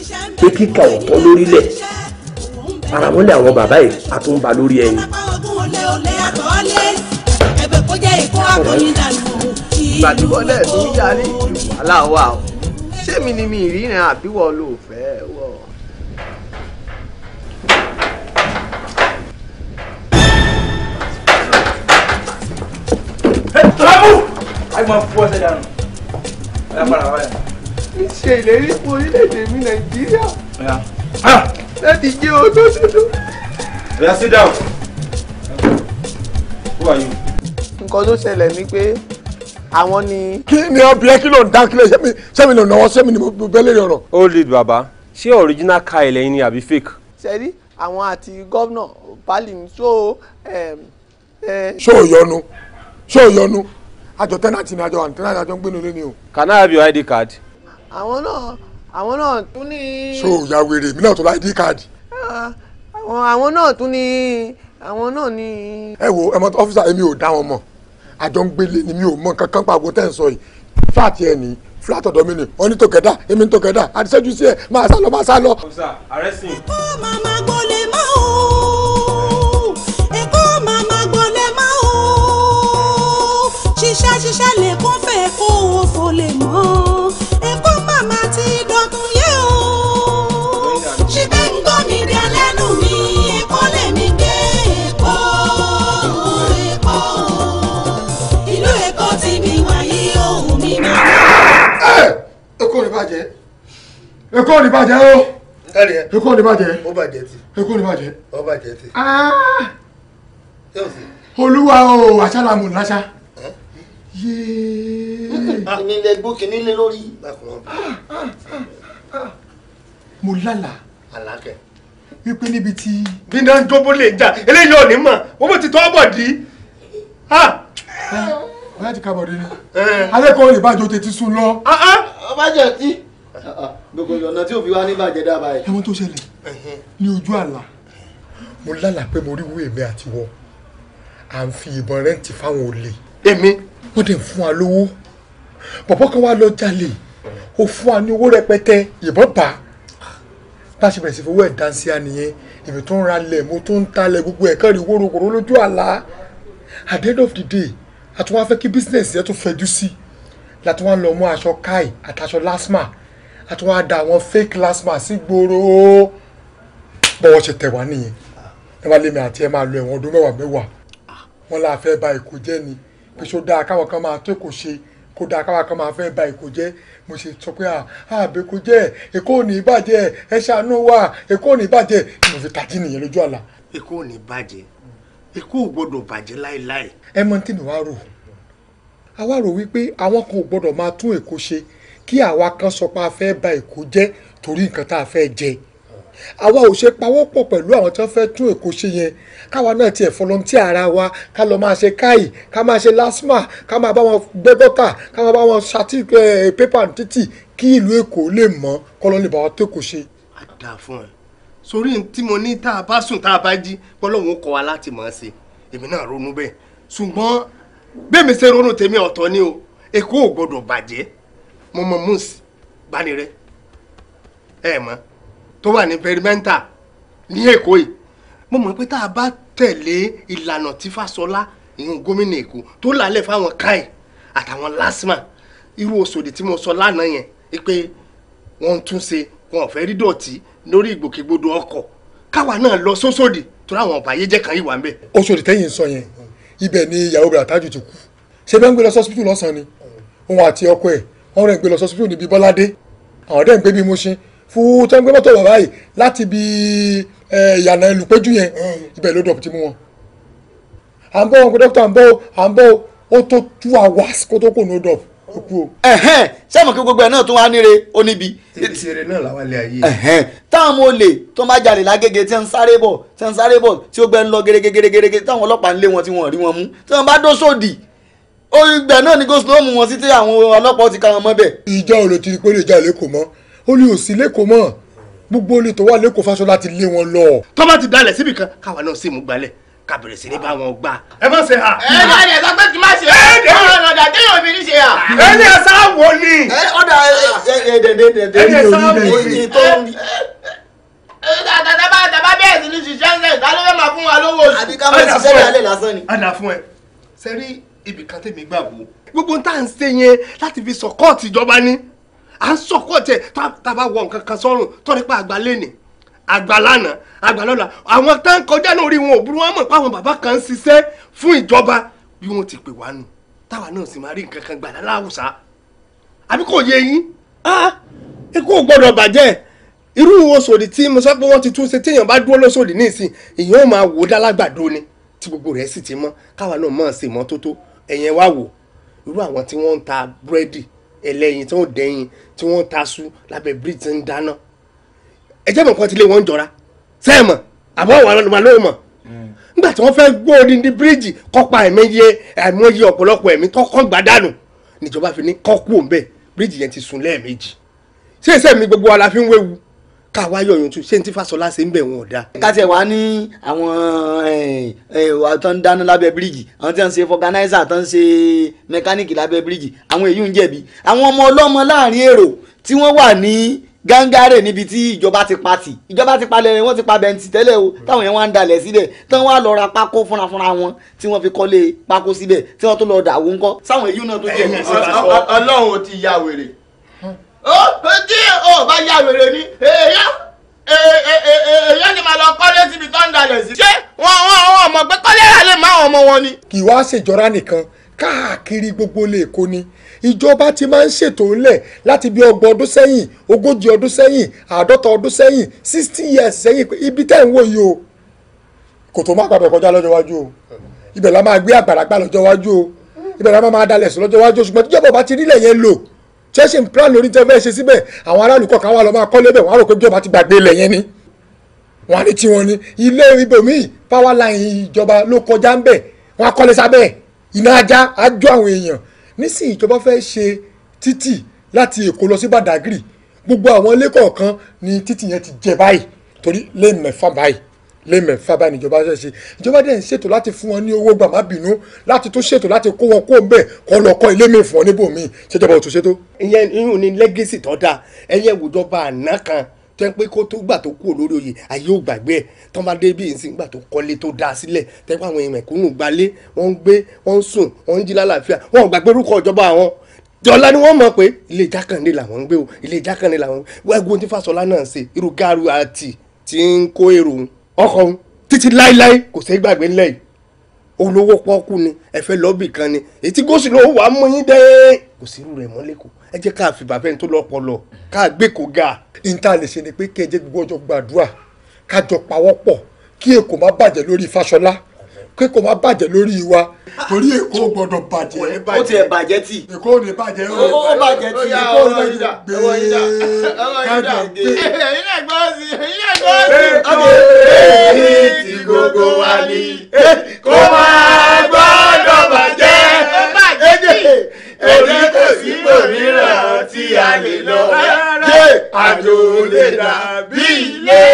pé kíkà ọ̀tọ̀ lórílẹ̀ ara wọn lé àwọn bàbá yìí a tún ba lórí ẹyin. gbàdúgbọ́lẹ̀ tó ń yarí wàhálà wà o sẹ́mi ni mi ìríran àbíwọ̀ ló fẹ́ wọ̀. Hey, Trabu! Ay, man, fuerte ya no. Voy a parar, vaya ń ṣe ìlérí fún orílẹ̀-èdè mi nàìjíríà ah! Ah! láti jẹ́ òdodo. ẹ̀yà sit down. who are you. nǹkan tó ṣẹlẹ̀ ni pé àwọn ni. kí ni ọbẹ̀ kí ló ń dá kílẹ̀ sẹ́mi sẹ́mi ló náwó sẹ́mi ni mo bẹ́ lérè ọ̀rọ̀. ó lè bàbá ṣé original car ilẹ̀ yín ni àbí fake. sẹ́rí àwọn àti gómìnà bali ń so. ṣó o yọnu ṣó o yọnu àjọ tẹ́nàtì ni àjọ àǹtẹ́nàtì àjọ ń gbénu lé ni o. can I have your ID card? àwọn náà àwọn náà tún ní. so ìyá wèrè mi náà tó láì ID card. Ah, àwọn àwọn náà tún ní àwọn náà ní. ẹ wo ẹ mọ ọfíìsà èmi ò dá wọn mọ àjọ ń gbélé ni mi ò mọ nǹkan kan pàgọ́ tẹ̀ ń sọ yìí fúláàtì ẹ̀ nìyí flat ọ̀dọ̀ mi ni wọ́n ní tòkẹ́dá èmi ní tòkẹ́dá àtisẹ́jú sí ẹ̀ máa sá lọ máa sá lọ. ọ̀sà àrẹ́sìn. ikú màmá gbọ́lé Èkó ò ní bàjẹ́ o. Èkó ò ní bàjẹ́. Ó bàjẹ́ ti. Èkó ò ní bàjẹ́. Ó bàjẹ́ ti. Ah! Olúwa o, àṣàlàmù láṣà. Ah, kìnìún lè gbó kìnìún lé lori. Mo lálàá. Àlákẹ́ wípé níbi tí. bí náà ń dóbó lè jà eléyìí ò ní mọ̀ wọ́n bó ti tọ́ bọ̀ Ha? Ah! báyà ti kábọ̀ dé ni. alẹ́ kọ́ ìbàjọ́ tètí sùn lọ. ọbàjọ́ ti ọ̀nà tí òfin wa ní bàjẹ́ dábàá yìí. ẹ̀wọ̀n tó ṣẹlẹ̀ ní ojú àlá mo lálàá pé mo rí ìwé mi àti wọ à ń fi ìbọn rẹ́ǹtì fáwọn olè èmi wọ́n dẹ̀ fún wa lówó bọ̀bọ́ kan wá lọ jalè ó fún wa ní owó rẹpẹtẹ ìbọn bá bá a ṣe bẹ̀rẹ̀ sí fowó ẹ̀ dáńsí á nìyẹn èmi tó ń ra lẹ̀ mo tó ń talẹ̀ gbogbo ẹ̀ kẹ́rì wóró kòró lójú àlá at the end of the day àtúwọ́n afẹ́ kí bísínẹ̀sì ẹ̀ tó fẹjú sí látúwọ́n lọ mú aṣọ káì àtàṣọ lásmà a tún wáá da àwọn fake lasma sí gbòòrò bọ́wọ́ ṣe tẹ̀ wá nìyẹn ẹ wá lémi àti ẹ máa lo ẹ̀wọ̀n ọdún mẹ́wàá mẹ́wàá wọn là fẹ́ ba èkó jẹ́ ni pé ṣó dáa káwọn kan máa tó èkó ṣe kó dáa káwọn kan máa fẹ́ ba èkó jẹ́ mo ṣe sọ pé àbẹ̀kó jẹ́ èkó ò ní bàjẹ́ ẹ ṣàánú wa èkó ò ní bàjẹ́ mo fi tají nìyẹn lójú àlá. èkó ò ní bàjẹ́ èkó ò gbọ́dọ̀ bàjẹ́ láéláé. ẹ mọ tí mi wá rò àwa rò wípé àwọn kan ò gbọ́dọ̀ máa tún èkó ṣe kí àwa kan sọ pé a fẹ́ ba èkó jẹ́ torí nǹkan tá a fẹ́ jẹ àwa ò ṣe pawọ́pọ̀ pẹ̀lú àwọn tó fẹ́ tún èkó ṣe yẹn káwa náà tiẹ̀ fọlọ́ntì ara wa ká lọ máa ṣe káì ká máa ṣe lásmà ká máa bá wọn gbẹ́ gọ́tà ká máa bá wọn ṣàtì pépà títì kí ìlú èkó lè mọ́ kọ́lọ́ lè bá wa tó èkó ṣe. a dà fún ẹ sórí tí mo ní tá a bá sùn tá a bá jí pọlọ́hún kọ́ wa láti mọ̀ ọ́ sí èmi náà ronú bẹ́ẹ̀ ṣùgbọ́n bẹ́ẹ̀ mi ṣe ronú tèmi ọ̀tọ̀ ni o èkó ò gbọ́dọ̀ bàjẹ́ mo mọ moose gbanire ẹ mọ tó wà ní pẹrimẹńtà ní èkó yìí mo mọ pé tá a bá tẹ̀lé ìlànà tí Fáṣọlá ìhun gómìnà èkó tó lálẹ́ fáwọn káì àtàwọn lásìmà irú òṣòdì tí mo sọ lánàá yẹn pé wọ́n ń tún ṣe wọn ò fẹ́ rí dọ̀tí lórí ìgbòkègbodò ọkọ̀ káwa náà lọ sóṣòdì tó láwọn ọ̀bàyéjẹ́ kan yìí wà ń bẹ̀. òṣòdì tẹ́yìn sọ yẹn ibẹ̀ ni ìyàwó bìràtàjù ti kú ṣé bẹ́ẹ̀ ń gbé lọ sọ́sibítù lọ́sàn-án ni òun àti ọkọ ẹ̀ wọ́n rẹ̀ ń gbé lọ sọ́sibí òní bíi bọ́ládé àwọn dẹ̀ ń gbé bíi Mushin fún tó ń gbé mọ́tò bàbá yìí láti bíi ìyànà ìlúpẹ́jù yẹn ibẹ̀ ló dọ̀pù ti mú wọn. à ń bọ̀ wọn kó dókítà à ń bọ̀ à ń bọ̀ ó tó two hours kó tó kò ní ó dọ̀pù kú o. sẹ́mu kí gbogbo ẹ̀ náà tún wá níre ó níbi. tèrè náà làwọn ilé ayé. táwọn ọmọ olè tó máa jalè lágége tí ń sáré bọ̀ tí ń sáré bọ̀ tí ó gbẹ ń lọ gẹ́gẹ́gẹ́gẹ́gẹ́ táwọn ọlọ́pàá ń lé wọn tí wọ́n rí wọn mú tí wọ́n bá dó sódì orí ibẹ̀ náà ni goslow mú wọn sí tí àwọn ọlọ́pàá ti ka wọn mọ́ bẹ̀. ìjà ò lè ti pé lè já lẹ́kọ̀ọ́ mọ́ ó ní òsì lẹ́kọ̀ọ́ mọ́ gbogbo olè tó wà lẹ́kọ̀ọ́ Fáṣọlá ti lé wọn lọ. tó bá ti dalẹ̀ síbi kan káwa náà sì mú gbalẹ̀ ká bẹ̀rẹ̀ sí ní bá wọn gbà. ẹ má ṣe hà. ẹ má ṣe sọ pé kí má ṣe hà. ẹ ní ọ̀rọ̀ ọ̀dà tí yóò fi ní ṣe hà. ẹ ní ẹ̀sán wo ni. ẹ ọ̀dà ẹ̀ẹ́dẹ̀ẹ̀dẹ̀ẹ̀dẹ̀ ní orí mi tàbá tàbá bẹ́ẹ̀ sí ní ṣiṣẹ́ ń sẹ́yìn tá ló fẹ́ máa fún wa lówó oṣù. àbí ká máa ṣiṣẹ́ ìyálẹ̀ lásán ni. àná fún ẹ sẹ́rí ibì kan tèmi gbàgbọ́ gbogbo tá à ń ṣe yẹn láti fi sọkọ́ọ̀tì ìjọba ni à ń sọkọ́ọ̀tì ẹ̀ tá a bá wọ nǹkan kan sọ́run torí pé àgbà lé ni àgbà lánàá àgbà lọ́la àwọn tá ń kọjá náà orí wọn ò burú wọn mọ̀ pé àwọn bàbá kan ń ṣiṣẹ́ fún ìjọba bí wọ́n ti pè wá nù táwa náà sì máa rí nǹkan kan gbà láláwùsá àbí kò yé yín. ikú ò gbọ́dọ̀ bàjẹ́ irú oṣòdì tí mo sọ pé wọ́n ti tún ṣe téèyàn bá dúró lóṣòdì nísìn ìyẹn ò máa wò ó dálágbàdo ni tí gbogbo rẹ̀ sì ti mọ́ káwa náà mọ̀ ọ́n ṣe mọ́tótó ẹ̀yẹn wá wò irú àwọn tí wọ́n ń ta búrẹ́dì ẹlẹ́yin tí wọ́n dẹ́yin tí wọ́n ń ta su lábẹ́ bíríìjì ń dáná ẹjẹ́ mọ̀ kan ti lé wọn jọra sẹ́ẹ̀mọ̀ àbọ̀ wà lọ́nà lóyún mọ̀ hmm. nígbà tí wọ́n fẹ́ gbó ní ní bíríìjì kọ́pa ẹ̀mẹ́yẹ àìmọye ọ̀pọ̀lọpọ̀ ẹ̀mí tọ́kàn gbàdánù níjọba fi ní kọ́kú òǹbẹ bíríìjì yẹn ti sùn lẹ́ẹ̀mejì ṣé ìṣẹ́ mi gbogbo wa la fi ń wéwu ká wá yọ̀yún tù ṣé n ti Fáṣọlá ṣe ń bẹ̀ wọn ò dáa. ká tiẹ̀ wá ní àwọn eh, eh, tó ń dáná lábẹ́ bíríìjì àwọn tó ń ṣe fọganáísà tó ń ṣe mẹkáníìkì lábẹ́ bíríìjì àwọn èyí ń jẹ̀bi àwọn ọmọ ọlọ́mọ láàrin èrò tí wọ́n wà ní gángárè níbi tí ìjọba ti pa tì ìjọba ti palẹ̀ wọ́n ti pa bẹ́ǹtì tẹ́lẹ̀ o táwọn yẹn wá ń dalẹ̀ síbẹ̀ tí wọ́n wá lọ ra pákó fúnra fúnra wọn tí wọ́n fi kọ́lé pákó síbẹ̀ tí wọ́n tó lọ dàwó ńkọ́. sáwọn èyí náà tó jẹ́ ọlọ́run ti ya wèrè ó tí ò bá ya wèrè ni èèyàn èèyàn ni màá lọ kọ́lé síbi tó ń dalẹ̀ sí. ṣé wọn àwọn àwọn ọmọ pé kọ́lẹ́rà lè má àwọn ọmọ wọn ni. kì í wá ṣèjọra nìkan káàkiri gbogbo lẹ́ẹ̀kọ́ ni ìjọba ti máa ń ṣètò ńlẹ̀ láti bí ọgbọ̀n ọdún sẹ́yìn ogójì ọdún sẹ́yìn àádọ́ta ọdún sẹ́yìn sixty years sẹ́yìn ibi tẹ́ ń wò yìí o kò tó má gbàgbẹ́ kọjá lọ́jọ́ iwájú o ibẹ̀ la máa gbé àgbàlagbà lọ́jọ́ iwájú o ibẹ̀ la máa dalẹ̀ sí lọ́jọ́ iwájú o ṣùgbọ́n tíjọba ọba ti rí ilẹ̀ yẹn lò ṣé ṣe ń plan lórí tẹ́ fẹ́ ṣe síbẹ̀ àwọn aráàlú kọ̀ọ̀kan wà lọ́ máa kọ́lé bẹ̀ wọ́n á rò pé bí ọba ti gbàgbé ilẹ̀ yẹn ni wọ́n á ní tiwọn ni ilé ibòmíì power line ìjọba ló kọjá ń bẹ̀ wọ́n á kọ́lé sábẹ́ iná ajá á jó àwọn èèyàn nísìnyí ìjọba fẹ́ ṣe títì láti èkó lọ sí badagry gbogbo àwọn ilé kọ̀ọ̀kan ni títì yẹn ti jẹ báyìí torí lé báyìí lẹ́mẹ̀fà báyìí níjọba ṣe ṣe ìjọba dẹ̀ ń ṣètò láti fún wọn ní owó gbà má bínú láti tún ṣètò láti kó wọn kó bẹ́ẹ̀ kọ́ lọ kọ́ ilé mi fún wọn níbò míì ṣèjọba òtún ṣètò. ìyẹn ìyún ni lẹ́gẹ́sì tó dáa ẹ̀yẹ ìwòjọba àná kan tó ń pẹ́ kó tó gbà tó kú olórí oyè ayé ò gbàgbé ẹ̀ tán bá dé bí ìsìn gbà tó kọ́lé tó dáa sílẹ̀ tẹ́pẹ́ àwọn èèyàn kúnnù gbalé wọ́n ń gbé wọ́n ń sùn wọ́n ń jí lálàáfíà wọ́n gbàgbé orúkọ ìjọba àwọn jọlá ni wọ́n mọ̀ pé ilé ìjákàndé làwọn ń gbé o ilé ìjákàndé làwọn ń gbé wẹ́gun tí fásọlá náà ń ṣe irú gáàrú àti tí ń kó èrò ọkọ̀ òun títí láéláé kò sí gbàgbé ńlẹ̀ yìí olówó pọ́ọ́kú ni ẹ fẹ́ lọ́ọ̀bì kan ni ètí gòsì ló wà á mú yín dé kò sí irú rẹ̀ mọ́ lẹ́kọ̀ọ́ ẹ jẹ́ ká fi bàbá ẹni tó lọ́pọlọ ká gbé kó ga. níta lè ṣe ni pé kí ẹ jẹ́ gbogbo ọjọ́ gbàdúrà ká jọ pawọ́pọ̀ kí èkó má bàjẹ́ lórí Fáṣọlá kí èkó má bàjẹ́ lórí wa torí èkó gbọ́dọ̀ bàjẹ́. ó ti ẹ̀ bàjẹ́ tì. èkó ò ní bàjẹ́ o. ó bàjẹ́ tì èkó ò ní gbé kájà gbé. ẹ̀yin náà gbọ́ sí ẹ̀yin náà gbọ́ sí. ọkẹ́ èyí tí gbogbo wa ni kó máa gbọ́dọ̀ bàjẹ́ èdè kò sí gbòmíràn tí a lè lọ yé àjò lè dà bí ilé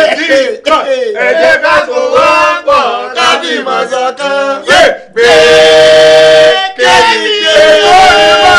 èdè kan èdè ká fowó pọ̀ ká bímọ sọ̀kan yé gbé kéde kéde ó ní wọ́n.